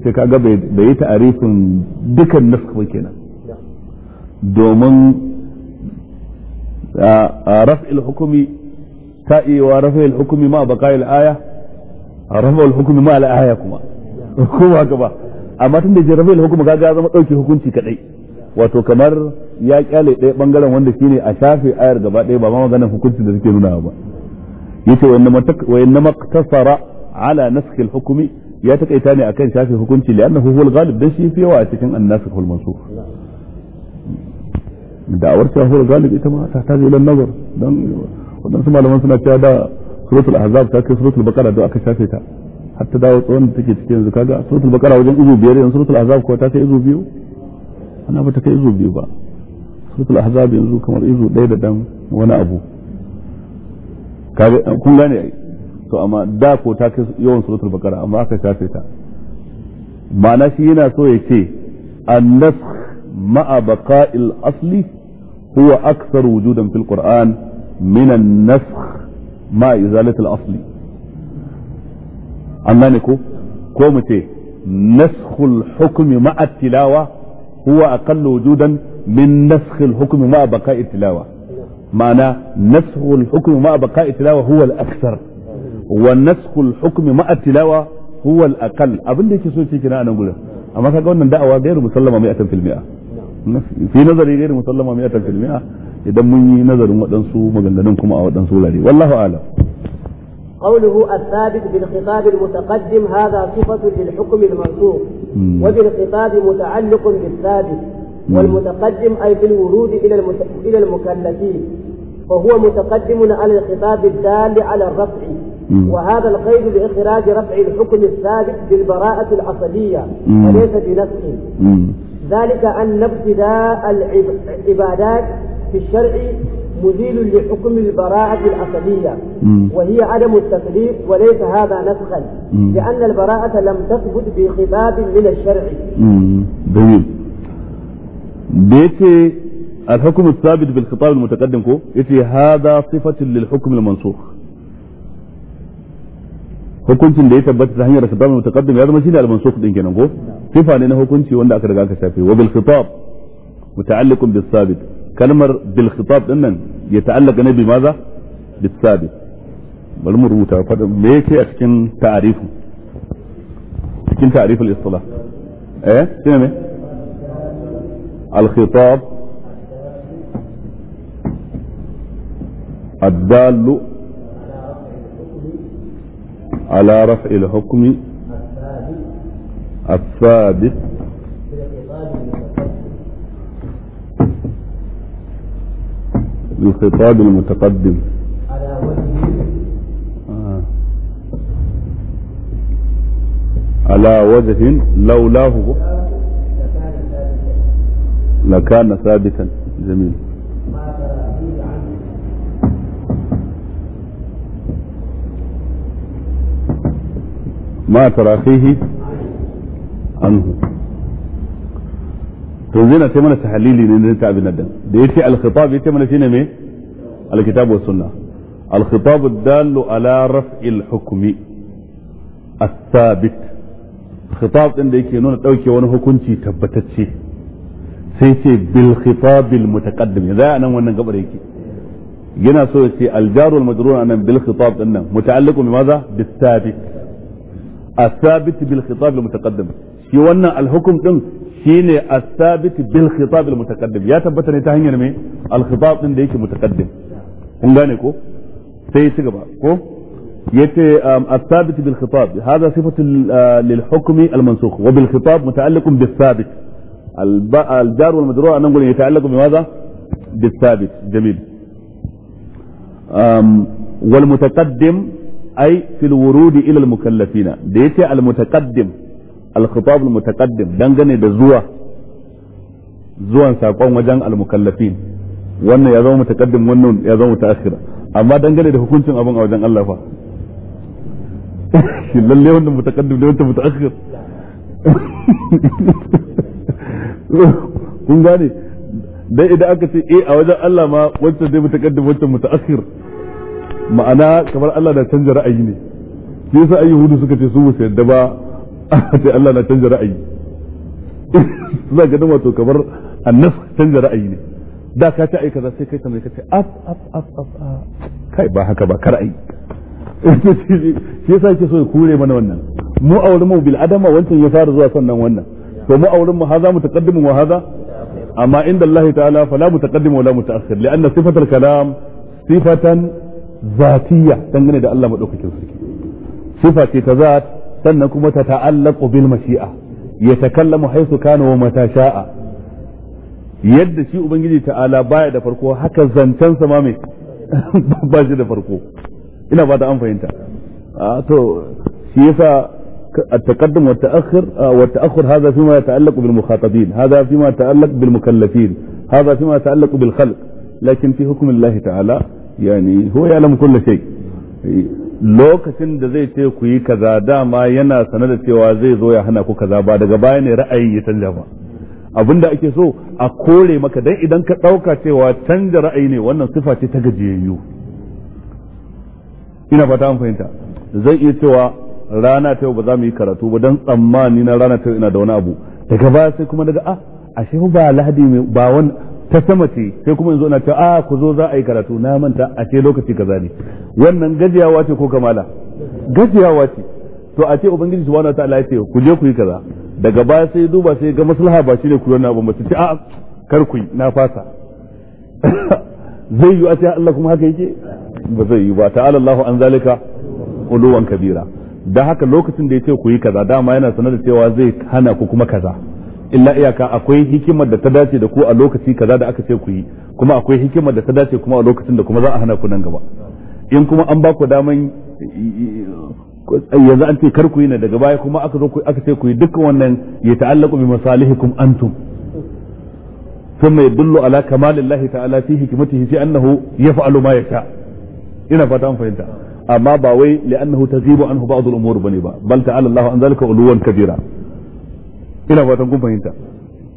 ce kaga bai yi kaga hukunci wato kamar ya kyale ɗaya bangaren wanda shine a shafe ayar gaba ɗaya ba ma maganar hukunci da suke nuna ba ya ce wani na maqtasara ala nasakh al-hukmi ya taƙaita ne akan shafe hukunci li'annahu huwa al-ghalib dan shi fi yawa a cikin an-nasakh wal-mansukh da'awar cewa huwa al ita ma ta taji ila nazar dan wadansu malaman suna cewa da suratul ahzab ta kai suratul bakara da aka shafe ta har ta dawo tsawon da take cikin yanzu kaga suratul bakara wajen izu biyar yanzu suratul ahzab ko ta kai izu biyu ana ba ta kai izo biyu ba suratul ahzab yanzu kamar izo ɗaya da dan wani abu kaga kun gane to amma da ko ta kai yawan suratul baqara amma aka shafe ta ma'ana shi yana so ya ce an ma'a baqa'il asli huwa aktsaru wujudan fil qur'an min an-nasakh ma'a izalati al-asli an ko ko mu ce naskhul hukmi ma'a tilawa هو أقل وجودا من نسخ الحكم مع بقاء التلاوة معنى نسخ الحكم مع بقاء التلاوة هو الأكثر ونسخ الحكم مع التلاوة هو الأقل أبن دي كسو كنا أنا أقول أما كا قلنا دعوة غير مسلمة مئة في المئة في نظري غير مسلمة مئة في المئة إذا مني نظر ودنسو مغنغنكم أو دنسو لدي والله أعلم قوله الثابت بالخطاب المتقدم هذا صفة للحكم المنسوخ وبالخطاب متعلق بالثابت والمتقدم أي بالورود إلى إلى المكلفين فهو متقدم على الخطاب الدال على الرفع وهذا القيد لإخراج رفع الحكم الثابت بالبراءة الأصلية وليس بنفسه ذلك أن ابتداء العبادات في الشرع مزيل لحكم البراءة الأصلية وهي عدم التكليف وليس هذا نسخا لأن البراءة لم تثبت بخطاب من الشرع جميل بيتي الحكم الثابت بالخطاب المتقدم كو يتي هذا صفة للحكم المنسوخ hukuncin da ya tabbata ta hanyar khitab mutaqaddim ya zama shine al-mansukh din kenan ko sifa ne na hukunci wanda aka riga aka shafe wa bil khitab muta'alliqun bis sabit kalmar bil khitab din nan يتعلق نبي ماذا بالثابت بل مروتا فميك اكن تعريفه اكن تعريف الاصطلاح ايه شنو الخطاب الدال على رفع الحكم الثابت الخطاب المتقدم على وجه آه. على وجه لولاه لكان ثابتا جميل ما ترى ترى فيه عنه, ما فيه عنه تنزينا تمنى تحليلي ننزين تعب الندم ديتي الخطاب يتمنى تنمي الكتاب والسنة الخطاب الدال على رفع الحكم الثابت الخطاب ان ديكي نونة اوكي وانه كنتي تبتتشي سيتي بالخطاب المتقدم اذا انا وانا قبر ايكي جنا سويتي الجار والمجرور انا بالخطاب انا متعلق بماذا بالثابت الثابت بالخطاب المتقدم شي وانا الحكم تنزي shine as-sabit bil khitab al ya tabbata ne ta hanyar me al khitab din da yake mutaqaddim kun gane ko sai ci gaba ko yace um, as-sabit bil khitab hada sifatu uh, lil al mansukh wa bil khitab bis sabit al jar wal majrur anan gurin bi madha bis sabit jamil um, wal mutaqaddim ay fil wurudi ila al mukallafina da yace al al-khitab al-mutaqaddim dangane da zuwa zuwan sakon wajen al wannan ya zama mutaqaddim wannan ya zama mutaakhir amma dangane da hukuncin abin a wajen Allah fa shi lalle wannan mutaqaddim ne wannan mutaakhir kun gane dai idan aka ce eh a wajen Allah ma wancan zai mutaqaddim wancan mutaakhir ma'ana kamar Allah da canja ra'ayi ne sai sa ayyuhudu suka ce su ba su ba *laughs* sai Allah na canza ra'ayi *laughs* za ga wato kamar annas canza ra'ayi ne da ka ta aika za sai kai tambaye ka ce af af af af kai ba haka ba kar ai *laughs* shi yasa yake so ya kure mana wannan mu a wurin mu bil adama wancan ya fara zuwa sannan wannan to mu a wurin mu haza mutaqaddimun wa haza amma inda Allah ta'ala fala mutaqaddim wala mutaakhir lianna sifatul kalam sifatan zatiyya dangane da Allah madaukakin sarki sifa ce ta zat sannan kuma ta ta'allaqu bil mashi'a yatakallamu haythu kana wa mata sha'a yadda shi ubangiji ta'ala baya da farko haka sa ma mai ba shi da farko ina ba da an fahimta to shi yasa التقدم والتأخر والتأخر هذا فيما يتعلق بالمخاطبين هذا فيما يتعلق بالمكلفين هذا فيما يتعلق بالخلق لكن في حكم الله تعالى يعني هو يعلم كل شيء lokacin da zai ce ku yi kaza dama yana sane da cewa zai zo ya hana ku kaza ba daga baya ne ra'ayin ya canja ba abin da ake so a kore maka dan idan ka ɗauka cewa canja ra'ayi ne wannan sifa ce ta gajiyayyu ina fata an fahimta zai iya cewa rana ta yau ba za mu yi karatu ba dan tsammani na rana ta ina da wani abu daga baya sai kuma daga a ah, ashe ba lahadi ba wani ta sama ce sai kuma yanzu ina ta a ah, ku zo za a yi karatu na manta a ce lokaci kaza ne wannan gajiyawa ce ko kamala gajiyawa ce to a ce ubangiji subhanahu wa ta'ala ya ce ku je ku yi kaza daga baya sai duba sai ga maslaha ba shi ne ku wannan abin ba sai a ah, kar ku yi na fasa *laughs* zai yi a ce ah, Allah kuma haka yake ba zai yi ba ta'ala Allahu an zalika uluwan kabira da haka lokacin da ya ce ku yi kaza dama yana sanar da cewa zai hana ku kuma kaza illa iyaka akwai hikimar da ta dace da ku a lokaci kaza da aka ce ku yi kuma akwai hikimar da ta dace kuma a lokacin da kuma za a hana ku nan gaba in kuma an ba ku daman yanzu an ce kar ku yi na daga baya kuma aka zo aka ce ku yi dukkan wannan ya ta'allaqu bi masalihikum antum ثم يدل على كمال الله تعالى في حكمته في انه يفعل ما يشاء ina fata an fahimta amma ba wai li'annahu tazibu anhu ba'd al-umur bane ba bal ta'ala Allahu an zalika uluwan kabira ina fatan kun fahimta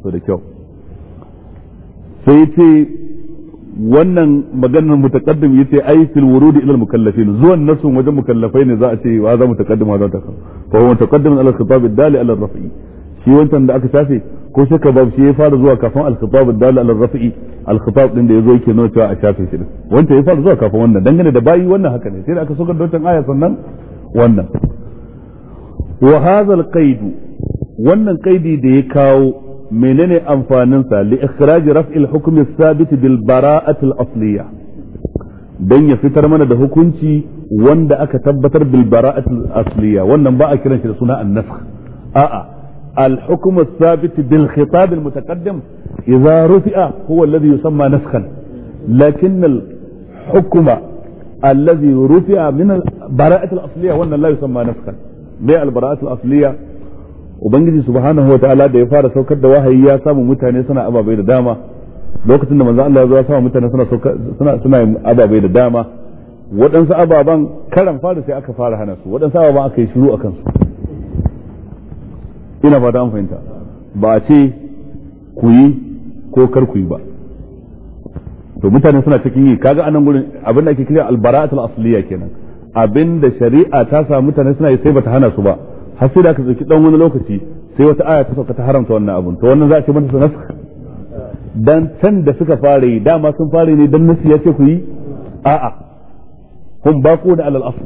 to da kyau sai ce wannan maganar mutaqaddim yace ai fil wurud ila al mukallafin zuwan nasu wajen mukallafai ne za a ce wa za mu wa za ta fa huwa mutaqaddim ala al khitab al dali ala al raf'i shi wancan da aka shafe ko shakka babu shi ya fara zuwa kafin al khitab al dali ala al raf'i al khitab din da yazo yake nuna cewa a shafe shi din wancan ya fara zuwa kafin wannan dangane da bayi wannan haka ne sai da aka sokar da wancan aya sannan wannan wa hadha al qaidu wannan kaidi da ya kawo menene amfaninsa li ikhraj raf'il hukm sabit bil bara'ati al asliya dan ya fitar mana da hukunci wanda aka tabbatar bil bara'ati al asliya wannan ba a kiran shi da suna an nafkh a al hukm sabit bil khitab al mutaqaddim idza rufi'a huwa alladhi yusamma nafkhan lakin al hukm alladhi rufi'a min al bara'ati al asliya wannan la yusamma nafkhan bi al bara'ati al asliya ubangiji subhanahu wataala da ya fara saukar da wahayi ya samu mutane suna ababai da dama lokacin da manzo Allah ya zo ya samu mutane suna suna suna ababai da dama waɗansu ababan karan fara sai aka fara hana su waɗansu ababan aka yi shiru akan su ina fata an fahimta ba a ce ku yi ko kar ku yi ba to mutane suna cikin yi kaga anan gurin abin da ake kira albara'atul asliya kenan abin da shari'a ta sa mutane suna yi sai bata hana su ba har sai da aka dauki dan wani lokaci sai wata aya ta sauka ta haramta wannan abun to wannan za a ce mata su nasu dan can da suka fara yi dama sun fara ne dan nasu ya ce ku yi a'a kun ba ku da alal asl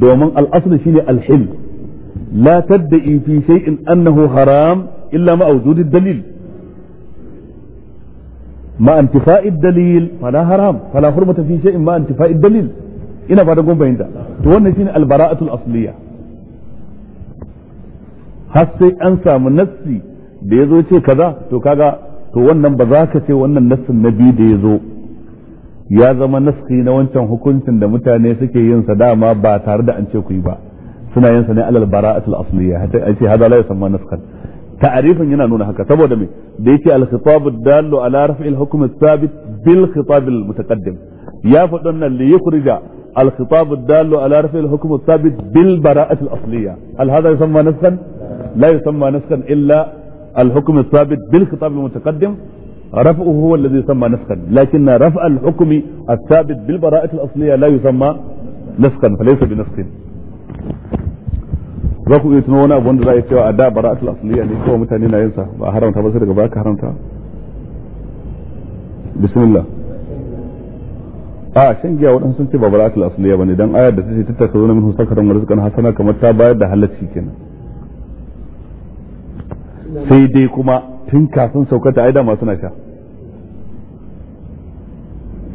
domin al asl shine al hil la tad'i fi shay'in annahu haram illa ma wujud dalil ma intifa'i al dalil fala haram fala hurmata fi shay'in ma intifa'i dalil ina fata gon bayinta to wannan shine al bara'atul asliyah har sai an samu nassi da ya zo ce kaza to kaga to wannan ba za ka ce wannan nassin na biyu da ya zo ya zama naski na wancan hukuncin da mutane suke yin sa dama ba tare da an ce ku yi ba suna yin sa ne alal bara'atul asliya hatta an ce hada la yusamma naskan ta'arifin yana nuna haka saboda me da yake al khitab dallu ala raf'il hukm thabit bil khitab al mutaqaddim ya faɗon nan li yukhrija al khitab dallu ala raf'il hukm thabit bil bara'atul asliya al hada yusamma naskan لا يسمى نسخا الحكم الثابت بالخطاب المتقدم رفعه هو الذي يسمى نسخا لكن رفع الحكم الثابت بالبراءة الأصلية لا يسمى نسخا فليس بنسخ iya tuno wani abu za a yi cewa a da bara'atul asliya ne kawai mutane na yinsa ba haramta ba sai daga baya ka haramta bismillah a shan giya waɗansu sun ce ba bara'atul asliya bane ayar da hasana kamar ta bayar da halacci kenan sai dai kuma tun kafin saukata ai dama suna sha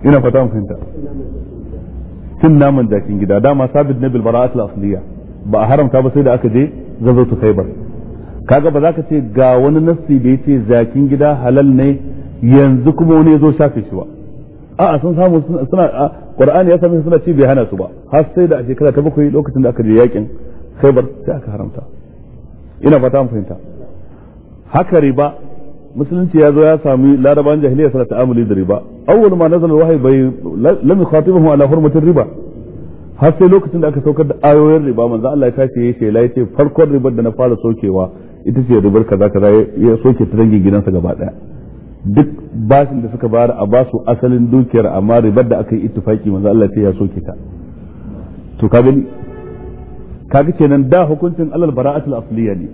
ina fata mun fahimta tun naman jakin gida dama sabit na bilbara asila asiliya ba a haramta ba sai da aka je zazo su khaibar kaga ba za ka ce ga wani nassi da ce jakin gida halal ne yanzu kuma wani zo shafe shi ba a'a sun samu suna ƙwar'an ya sami suna ci bai hana su ba har sai da a shekara ta bakwai lokacin da aka je yakin khaibar sai aka haramta ina fata mu fahimta haka riba musulunci ya zo ya sami laraban jahiliya sana ta'amuli da riba awwal ma nazal wahyi bai lam yukhatibuhum ala hurmatir riba har sai lokacin da aka saukar da ayoyin riba manzo Allah ya tashi yayi shela yace farkon ribar da na fara sokewa ita ce ribar kaza kaza ya soke ta dangin gidansa gaba daya duk bashin da suka bayar a basu asalin dukiyar amma ribar da aka yi ittifaki manzo Allah ya soke ta to ka gani kaga kenan da hukuncin alal bara'atul asliya ne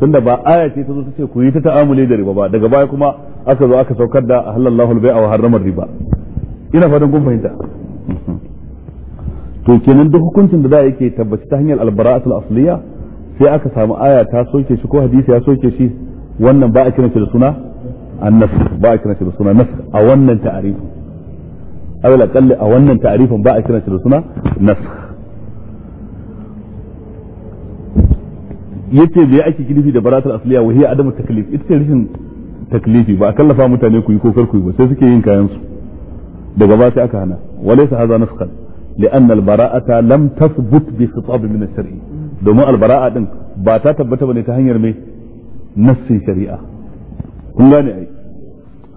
tunda ba aya ce ta zo ta ce ku yi ta ta'amuli da riba ba daga baya kuma aka zo aka saukar da halallahu al-bai'a wa harramar riba ina fatan kun fahimta to kenan duk hukuncin da za a yake tabbaci ta hanyar albara'atul asliya sai aka samu aya ta soke shi ko hadisi ya soke shi wannan ba a kiran shi da suna annas ba a kiran shi da suna nas a wannan ta'arifin aw la a wannan ta'arifin ba a kiran shi da suna nas yace me ake kilifi da baratul asliya wa hiya adamu taklif ita ce rishin taklifi ba a kallafa mutane ku yi ko kar ku yi ba sai suke yin kayan su daga ba sai aka hana walaysa hadha nasqan لأن البراءة لم تثبت بخطاب من الشرع domin albara'a din ba ta tabbata bane ta hanyar mai nassin shari'a kun gane ai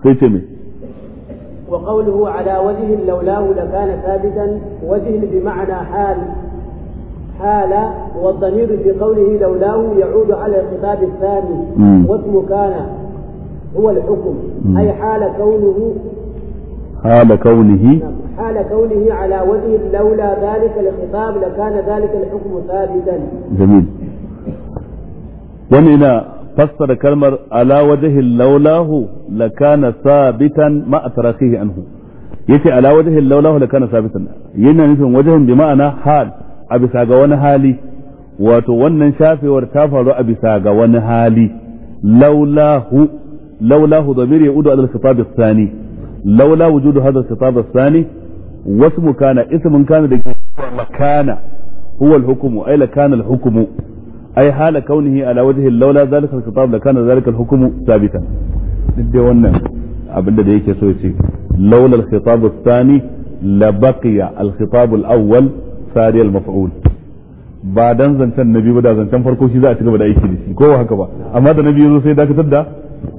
sai ce mai وقوله على وجه لولاه لكان ثابتا وجه بمعنى حال حال والضمير في قوله لولاه يعود على الخطاب الثاني واسم كان هو الحكم أي حال كونه حال كونه حال كونه على وجه لولا ذلك الخطاب لكان ذلك الحكم ثابتا جميل ومن فسر كلمة على وجه لولاه لكان ثابتا ما تراخيه عنه يتي على وجه لولاه لكان ثابتا ينا yana وجه بمعنى حال a bisa ga wani hali wato wannan shafewar ta faru a bisa ga wani hali laulahu laulahu zamir ya udu al-khitab ath-thani laula wujudu hadha al-khitab ath-thani wasmu kana ismun kana da makana huwa al-hukmu ay la kana al-hukmu ay hala kaunihi ala wajhi laula zalika al-khitab la kana zalika al-hukmu sabitan dai wannan abinda da yake so ya ce laula al-khitab ath-thani la baqiya al-khitab al-awwal sari al-maf'ul ba dan zancen na biyu ba da zancen farko shi za a ci gaba da aiki da shi ko haka ba amma da na biyu zo sai dakatar da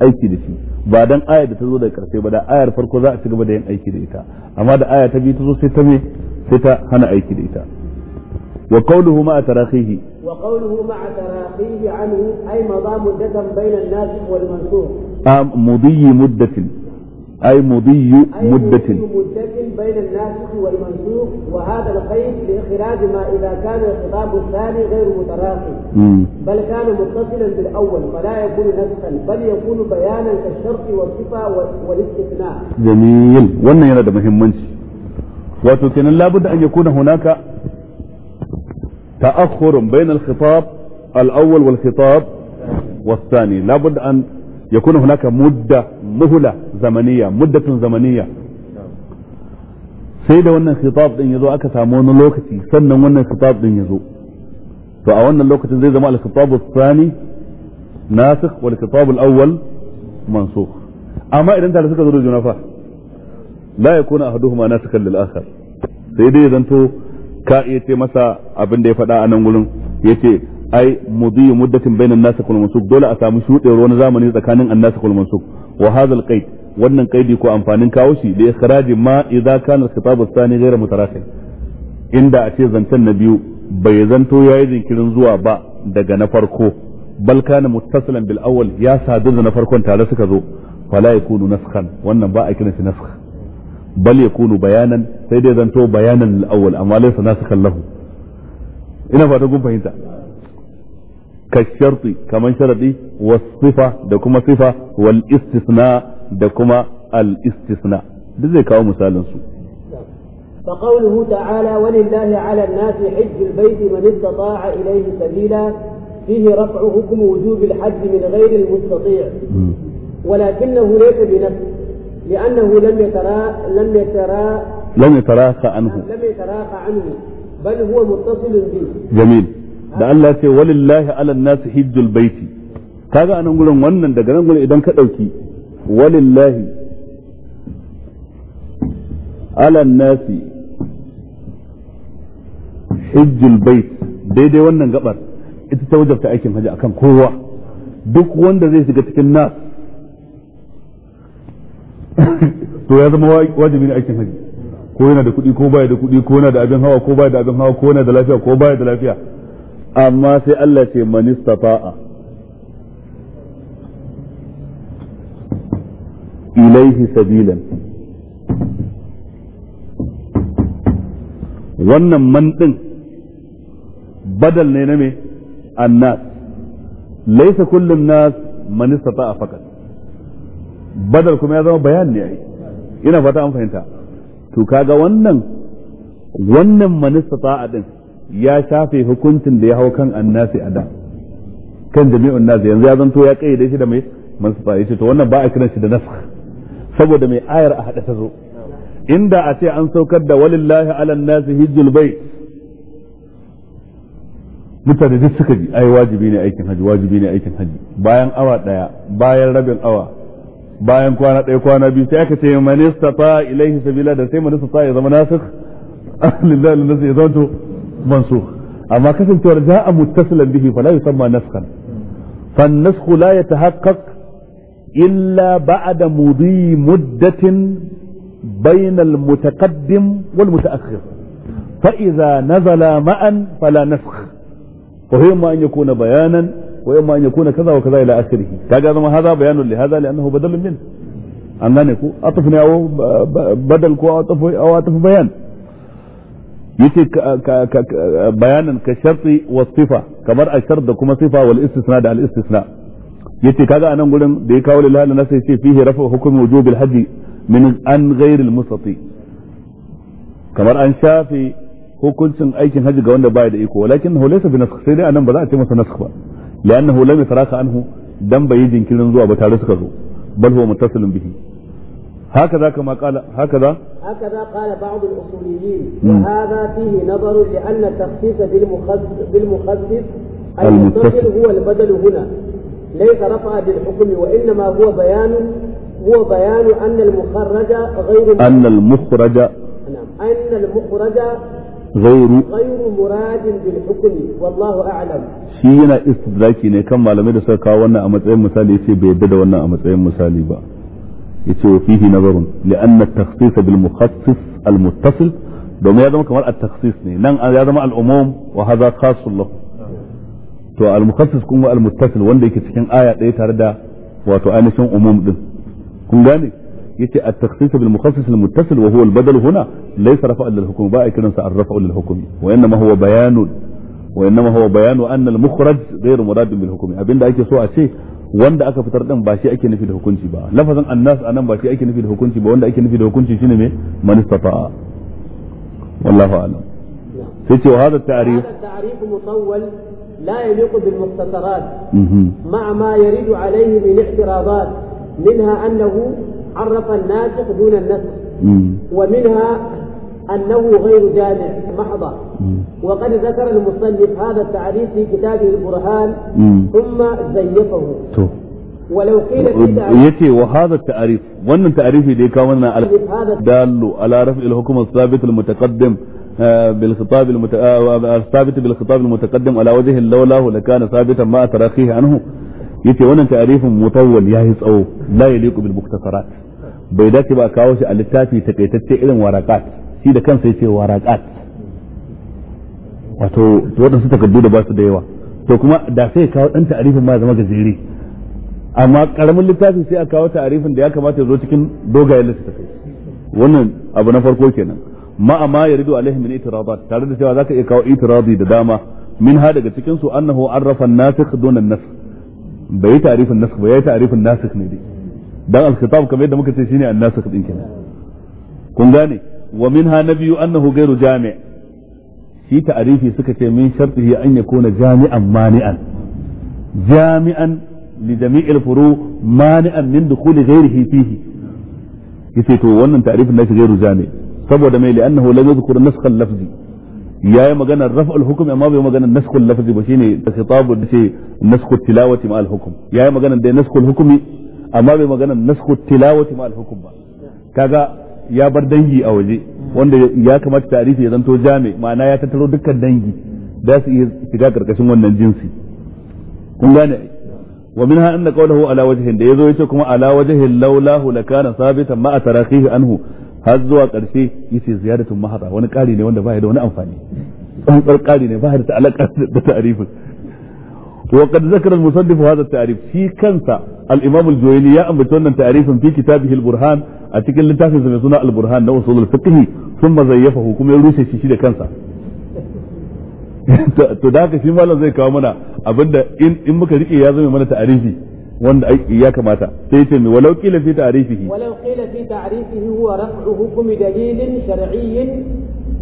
aiki da shi ba dan ayar da ta zo da karshe ba da ayar farko za a ci gaba da yin aiki da ita amma da aya ta biyu ta zo sai ta me sai ta hana aiki da ita wa qawluhu ma tarahihi wa qawluhu ma tarahihi anhu ay madha muddatan bayna an-nas wal mansur am mudhi muddatin أي مضي مدة أي مدة بين الناسخ والمنسوخ وهذا القيد لإخراج ما إذا كان الخطاب الثاني غير متراخي بل كان متصلا بالأول فلا يكون نسخا بل يكون بيانا كالشرط والصفة والاستثناء جميل وانا يرى ده مهمنش وتكن لابد أن يكون هناك تأخر بين الخطاب الأول والخطاب والثاني لابد أن يكون هناك مدة مهلة zamaniya muddatun zamaniya sai da wannan khitab din yazo aka samu wani lokaci sannan wannan khitab din yazo to a wannan lokacin zai zama al-khitab ath-thani nasikh wal khitab al-awwal mansukh amma idan da suka zo juna fa la yakuna ahaduhuma nasikhan lil akhar sai dai zanto ka iya ce masa abin da ya faɗa a nan gurin ce ai mudi muddatin bainan nasikh wal mansukh dole a samu shudewar wani zamani tsakanin an-nasikh wal mansukh wa hadha al-qaid wannan kaidi ko amfanin kawo shi da ikhrajin ma idza kana al-khitabu thani ghayra mutarakhil inda a ce zancen na biyu bai zanto yayi jinkirin zuwa ba daga na farko bal kana muttasilan bil awwal ya sadu da na farkon tare suka zo fala yakunu naskhan wannan ba a kiran shi naskh bal yakunu bayanan sai dai zanto bayanan lil awwal amma laysa naskhan lahu ina fata kun fahimta Ka sharti kaman كالشرط كمن شرطي والصفة دكما صفة والاستثناء da kuma al-istisna duk zai kawo misalin su فقوله تعالى ولله على الناس حج البيت من استطاع إليه سبيلا فيه رفع حكم وجوب الحج من غير المستطيع ولكنه ليس بنفس لأنه لم يترا لم يترا لم يتراخى عنه لم يتراخى عنه بل هو متصل به جميل da Allah ce walillahi ala nasi hijjul baiti kaga anan gurin wannan daga nan gurin idan ka dauki walillahi على nasi حج البيت daidai wannan gabar ita ta wajabta aikin haji akan kowa duk wanda zai shiga cikin nas to ya zama wajibi ne aikin haji ko yana da kuɗi ko baya da kuɗi ko yana da abin hawa ko baya da abin hawa ko yana da lafiya ko baya da lafiya amma sai Allah ce manistafa'a ilaihi سبيلا wannan man ɗin badal ne na me annas laisa kullum nas ta a faqat badal kuma ya zama bayan ne ai ina fata an fahimta to kaga wannan wannan ta a din ya shafe hukuncin da ya hau kan annasi a da kan jami'un nas yanzu ya zanto ya kayyade shi da mai man istata'a to wannan ba a kiran shi da nafakh saboda mai ayar a haɗa ta zo inda a ce an saukar da walillahi alan nasi hijjul bai mutane duk suka ji ai wajibi ne aikin haji wajibi ne aikin haji bayan awa daya bayan rabin awa bayan kwana ɗaya kwana biyu sai aka ce man istata ilaihi sabila da sai man fa ya zama nasir. *laughs* lillahi lin nasi ya zanto mansukh amma kasancewar ja'a muttasilan bihi fala yusamma naskan fan nasakh la yatahaqqaq إلا بعد مضي مدة بين المتقدم والمتأخر فإذا نزل معا فلا نفخ وهما إما أن يكون بيانا وإما أن يكون كذا وكذا إلى آخره كذا هذا بيان لهذا لأنه بدل منه an gane أطفني أو بدل كو badal أو أطف بيان يتي yace bayanan ka بيانا كشرط sifa كمرأة شرط كما صفة والاستثناء على الاستثناء yace kaga anan gurin da ya kawo lillahi na sai ce fihi rafa hukmi wujubil hajji min an ghairil mustati kamar an shafe hukuncin aikin haji ga wanda baya da iko walakin hu laysa bi nasakh sai dai anan ba za a ce masa nasakh ba lannahu lam yasraka anhu dan bai jinkirin zuwa ba tare suka zo bal huwa muttasilun bihi هكذا كما قال هكذا هكذا قال بعض الاصوليين وهذا فيه نظر لان التخصيص بالمخصص بالمخصص المتصل هو البدل هنا ليس رفعا بالحكم وإنما هو بيان هو بيان أن المخرج غير أن المخرج نعم أن المخرج غير غير مراد بالحكم والله أعلم shi yana istidraki ne kan malamai da suka kawo wannan a matsayin misali yace bai yadda da wannan a matsayin misali ba yace wa fihi nazarun li anna at-takhsis bil mukhassis al muttasil domin ya zama kamar at-takhsis ne nan ya zama al umum wa hadha khassun lahu to al-mukhassis kuma al-muttasil wanda yake cikin aya ɗaya tare da wato ainihin umum din kun gane yace at-takhsis bil mukhassis al-muttasil wa huwa al-badal huna laysa rafa'a lil hukm ba'a kiran sa ar-rafa'u lil hukm wa innama huwa bayan wa innama huwa bayan anna al-mukhraj ghayr murad bil hukm abinda ake so a ce wanda aka fitar din ba shi ake nufi da hukunci ba lafazin annas anan ba shi ake nufi da hukunci ba wanda ake nufi da hukunci shine me manistafa wallahu a'lam sai ce wa hadha at-ta'rif لا يليق بالمختصرات مع ما يرد عليه من اعتراضات منها أنه عرف الناسخ دون النسخ ومنها أنه غير جامع محضة وقد ذكر المصنف هذا التعريف في كتابه البرهان ثم زيفه ولو قيل يتي وهذا التعريف وان التعريف اللي كان على دال على رفع الحكم الثابت المتقدم بالخطاب المت... الثابت بالخطاب المتقدم على وجه لولاه لكان ثابتا ما تراخيه عنه yace wannan ta'arifin مطول yayi tsawo لا يليق bil muktasarat bai dace ba kawo shi a littafi takaitacce irin waraqat shi da kansa yace waraqat wato takaddu da basu da yawa to kuma da sai kawo dan ta'arifin ma zama amma karamin littafi sai a kawo ta'arifin da ya kamata ya zo cikin dogayen littafi wannan abu na farko kenan ma ma'a ma yaridu alaihim min itiradat tare da cewa zaka iya kawo itiradi da dama min ha daga cikin su annahu arrafa an-nasikh duna an-nasakh bai ta'rifin nasakh ba yayi ta'rifin nasikh ne dai dan al-khitab kamar yadda muka ce shine an-nasakh din kenan kun gane wa min ha nabiyu annahu ghairu jami' shi ta'rifi suka ce min shartihi an yakuna jami'an mani'an jami'an li jami'il furu mani'an min dukhuli ghairihi fihi yace to wannan ta'rifin nashi ghairu jami' saboda mai li'annahu lam yadhkur nasakh al-lafzi yayi maganar raf'ul hukm amma bai maganar nasakh al-lafzi ba shine khitabu da ce nasakh tilawati ma al-hukm yayi maganar da nasakh al-hukmi amma bai maganar nasakh tilawati ma al-hukm ba kaga ya bar dangi a waje wanda ya kamata tarihi ya zanto jami ma'ana ya tattaro dukkan dangi da su iya shiga karkashin wannan jinsi kun gane wa minha anna qawluhu ala wajhin da yazo yace kuma ala wajhin laulahu lakana sabitan ma atarakihi anhu har zuwa ƙarshe yace ziyaratun mahara wani ƙari ne wanda ba ya da wani amfani tsantsar ƙari ne ba ya da alaƙa da ta'arifin wa qad zakara al-musannif hadha at-ta'rif fi kansa al-imam al-juwayni ya ambata wannan ta'rifin fi kitabihi al-burhan a cikin littafin sa mai suna al-burhan na usul al-fiqh thumma zayyafahu kuma ya rushe shi da kansa to da haka shi malam zai kawo mana abinda in muka rike ya zama mana ta'arifi wanda ya kamata sai ce mai walau kila fi ta'rifihi walau kila fi ta'rifihi huwa raf'u hukmi dalilin bi dalilin shar'iyyin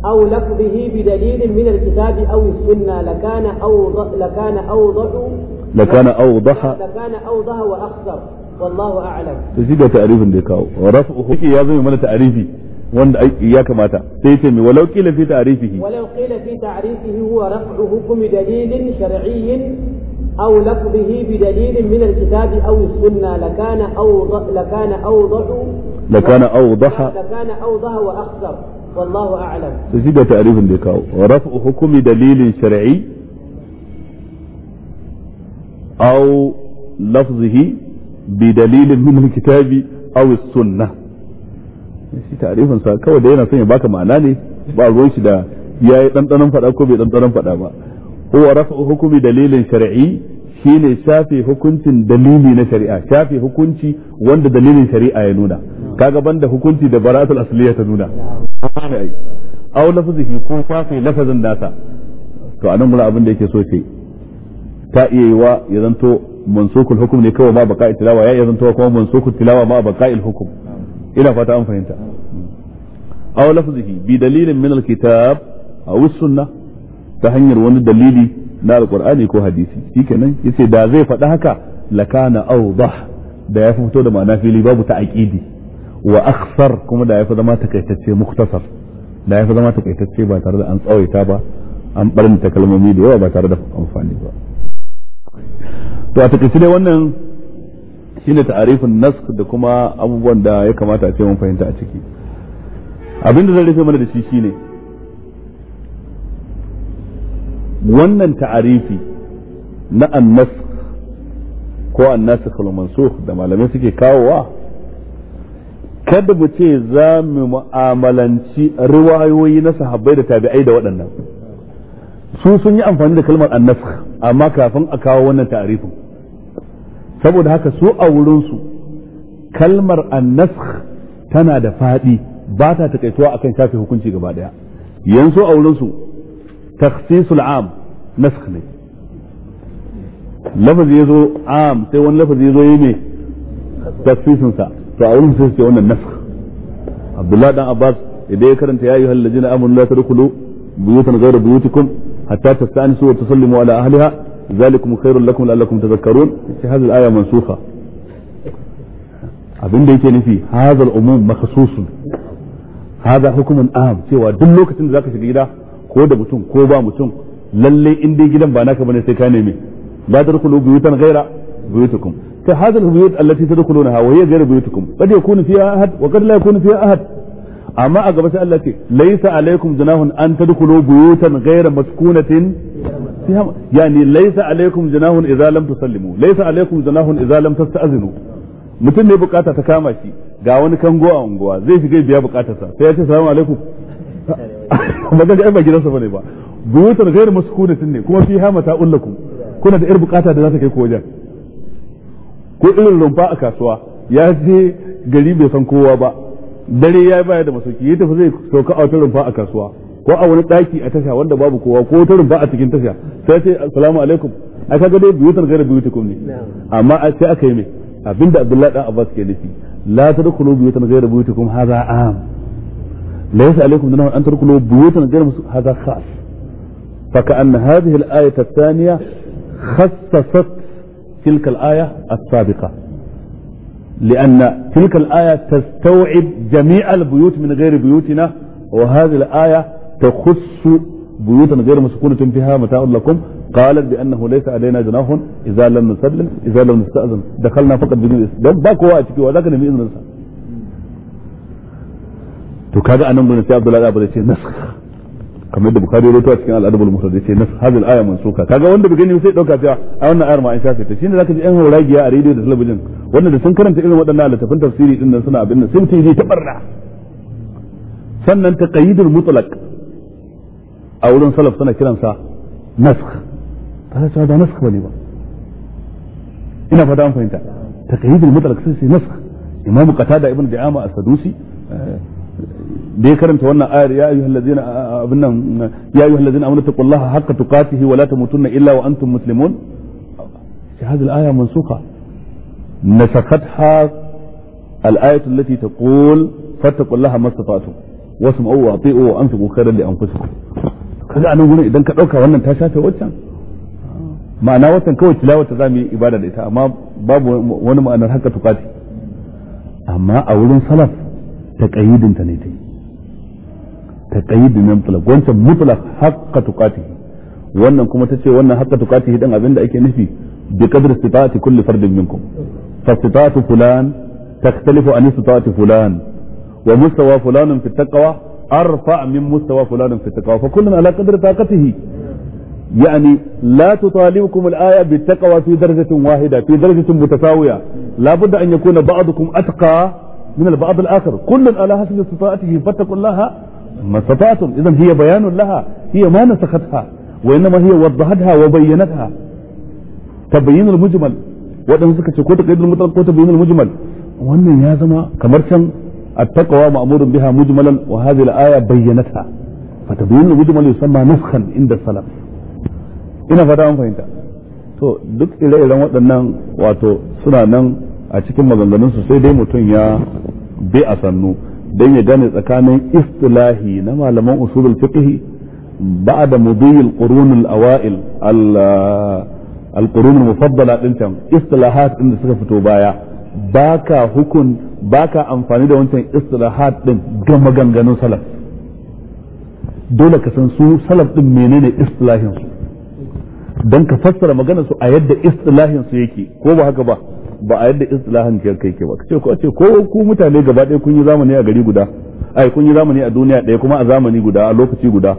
أو لفظه بدليل lakana الكتاب أو السنة لكان أوضح لكان أوضح لكان أوضح لكان أوضح وأخطر والله da تزيد تعريف ديكاو ورفعه ya zama mana تعريفي wanda ya kamata sai ce mai walau kila fi ta'rifihi walau kila fi ta'rifihi huwa raf'u hukmi dalilin shar'iyyin أو لفظه بدليل من الكتاب أو السنة لكان أوضح لكان أوضح لكان أوضح لكان أوضح وأخسر والله أعلم تجد تعريف لكاو رفع حكم دليل شرعي أو لفظه بدليل من الكتاب أو السنة shi tarifin sa kawai da yana son ya baka ma'ana ne ba ruwan shi da ya yi ɗanɗanon faɗa ko bai ɗanɗanon faɗa ba huwa raf'u hukumi dalilin shar'i shine shafe hukuncin dalili na shari'a shafe hukunci wanda dalilin shari'a ya nuna kaga banda hukunci da baratul asliya ta nuna aw lafzihi ko shafe lafazin nasa to anan mura abin da yake so ta iya yiwa ya zanto mansukul hukum ne kawai ma baka tilawa ya zanto kuma mansukul tilawa ma baka hukum ina fata an fahimta bi dalilin min alkitab aw ta hanyar wani dalili na alkur'ani ko hadisi shikenan yace da zai faɗi haka lakana awdah da ya fito da ma'ana fili babu ta'aqidi wa akhsar kuma da ya fi zama takaitacce muktasar da ya fi zama takaitacce ba tare da an tsawaita ba an barnta kalmomi da yawa ba tare da amfani ba to a takaice dai wannan shine ta'arifin nask da kuma abubuwan da ya kamata a ce mun fahimta a ciki abinda zan rufe mana da shi shine wannan ta'arifi na annas ko annas wal da malamai suke kawowa kada mu ce za mu mu'amalanci riwayoyi na sahabbai da tabi'ai da waɗannan su sun yi amfani da kalmar annas amma kafin a kawo wannan ta'arifin saboda haka su a wurinsu kalmar annas tana da faɗi ba ta takaituwa akan shafe hukunci gaba ɗaya yanzu a wurinsu تخصيص العام نسخني لفظ يزو عام تي ون لفظ يزو يمي تخصيص نسا تو اول نسخ تي عبد الله بن عباس اذا كرنت يا ايها الذين امنوا لا تدخلوا بيوتا غير بيوتكم حتى تستانسوا وتسلموا على اهلها ذلكم خير لكم لعلكم تذكرون هذه الايه منسوخه abin da yake nufi hazal umum makhsusun hada hukumun am cewa duk lokacin da ko da mutum ko ba mutum lalle in dai gidan ba naka bane sai ka neme la tadkhulu buyutan ghaira buyutikum ka hadha al-buyut allati tadkhulunaha wa hiya ghairu buyutikum qad yakunu fiha ahad wa qad la yakunu fiha ahad amma a gaba sai Allah ce laysa alaykum junahun an tadkhulu buyutan ghaira maskunatin yani laysa alaykum junahun idza lam tusallimu laysa alaykum junahun idza lam tasta'zinu mutum ne bukata ta kama shi ga wani kango a unguwa zai shiga biya bukatarsa sai ya ce salamu alaikum magan *laughs* ga ba gidansa bane ba buyutan ghayr maskunatin ne kuma fiha mata lakum kuna da ir bukata da za ta kai ku wajen ko irin rumfa a kasuwa ya je gari bai san kowa ba dare ya baya da masauki ya tafi zai sauka a wata rumfa a kasuwa ko a wani daki a tasha wanda babu kowa ko wata rumfa a cikin tasha sai ce assalamu alaikum a kaga dai buyutan ghayr buyutikum ne amma sai aka yi mai abinda abdullahi dan abbas ke nufi la tadkhulu buyutan ghayr buyutikum hadha am ليس عليكم جناح أن تدخلوا بيوتا غير هذا خاص فكأن هذه الآية الثانية خصصت تلك الآية السابقة لأن تلك الآية تستوعب جميع البيوت من غير بيوتنا وهذه الآية تخص بيوتا غير مسكونة فيها متاع لكم قالت بأنه ليس علينا جناح إذا لم نسلم إذا لم نستأذن دخلنا فقط بدون إذن باكو واجب وذاك باذن إذن to kaga anan gurin sai Abdullahi Abu ce nasakh kamar yadda Bukhari ya rawaito cikin al-Adab al-Mufrad yace nasakh hadhihi al-aya mansuka kaga wanda bai gani sai dauka cewa a wannan ayar ma an shafe ta shine zaka ji ɗan hauragiya a rediyo da talabijin wanda da sun karanta irin waɗannan littafin tafsiri din nan suna abin nan sun tiji ta barna sannan ta taqayyidul mutlaq a wurin salaf suna kiransa nasakh ba sai da nasakh bane ba ina fata an fahimta ta taqayyidul mutlaq sai nasakh imamu qatada ibn da'ama as-sadusi da ya karanta wannan ayar ya ayyuhal ladina abin nan ya ayyuhal ladina amanu taqullaha haqqa tuqatih wa la tamutunna illa wa antum muslimun shi hadhihi al-aya mansukha nasakatha al-ayatu allati taqul fattaqullaha mastata'tum wasma'u wa ati'u wa anfiqu khairan li anfusikum kaga anan gurin idan ka dauka wannan ta shafe waccan ma'ana wannan kawai ta zamu yi ibada da ita amma babu wani ma'anar haqqa tuqatih amma a wurin salaf ta kayyidinta ne ta taqayyid min mutlaq wancan mutlaq haqqa tuqatihi wannan kuma tace wannan haqqa tuqatihi dan abinda ake nufi bi qadri istita'ati kulli fardin minkum fa istita'atu fulan تختلف عن استطاعة فلان ومستوى فلان في التقوى أرفع من مستوى فلان في التقوى فكل على قدر طاقته يعني لا تطالبكم الآية بالتقوى في درجة واحدة في درجة متساوية لا بد أن يكون بعضكم أتقى من البعض الآخر كل على حسب استطاعته فاتقوا الله ما استطعتم اذا هي بيان لها هي ما نسختها وانما هي وضحتها وبينتها تبين المجمل وانا سكا شكوت قيد المطلق وتبين المجمل وانا يا زما كمرشن التقوى مامور بها مجملا وهذه الايه بينتها فتبين المجمل يسمى نسخا عند السلف ina fata an fahimta to duk ire-iren waɗannan wato suna nan a cikin maganganunsu sai dai dan ya gane tsakanin istilahi na malaman usulul fiqh ba'da da al-qurun awail al-qurun mufaddala din can istilahat din da suka fito baya baka hukun baka amfani da wancan istilahat din ga maganganun salaf dole ka san su salaf din menene istilahin su dan ka fassara maganar su a yadda istilahin su yake ko ba haka ba ba a yadda islahan ke kai ke ba kace ko ce ko ku mutane gaba ɗaya kun yi zamani a gari guda ai kun yi zamani a duniya ɗaya kuma a zamani guda a lokaci guda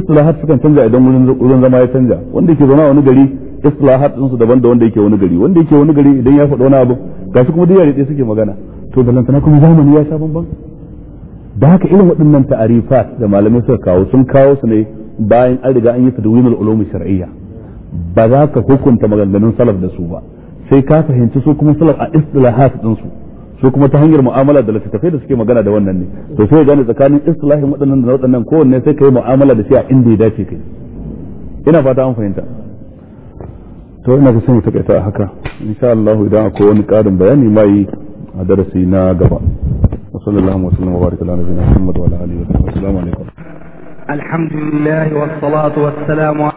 islahat sukan canja idan wurin zama ya canja wanda yake zauna a wani gari islahat din su daban da wanda yake wani gari wanda yake wani gari idan ya faɗo wani abu gashi kuma duk yare ɗaya suke magana to da lantana kuma zamani ya sha bamban da haka irin waɗannan ta'arifat da malamai suka kawo sun kawo su ne bayan an riga an yi tadwinul ulum shar'iyya ba za ka hukunta maganganun salaf da su ba sai ka fahimci su kuma salaf a istilahat din su su kuma ta hanyar mu'amala da littattafai da suke magana da wannan ne to sai gane tsakanin istilahin waɗannan da waɗannan kowanne sai kai mu'amala da shi a inda ya dace kai ina fata an fahimta to ina ga sai mu takaita haka insha Allah idan akwai wani ƙarin bayani mai a darasi na gaba wa sallallahu wa sallam wa baraka ala nabiyina Muhammad wa ala alihi wa sahbihi assalamu alaikum alhamdulillah was salatu was salam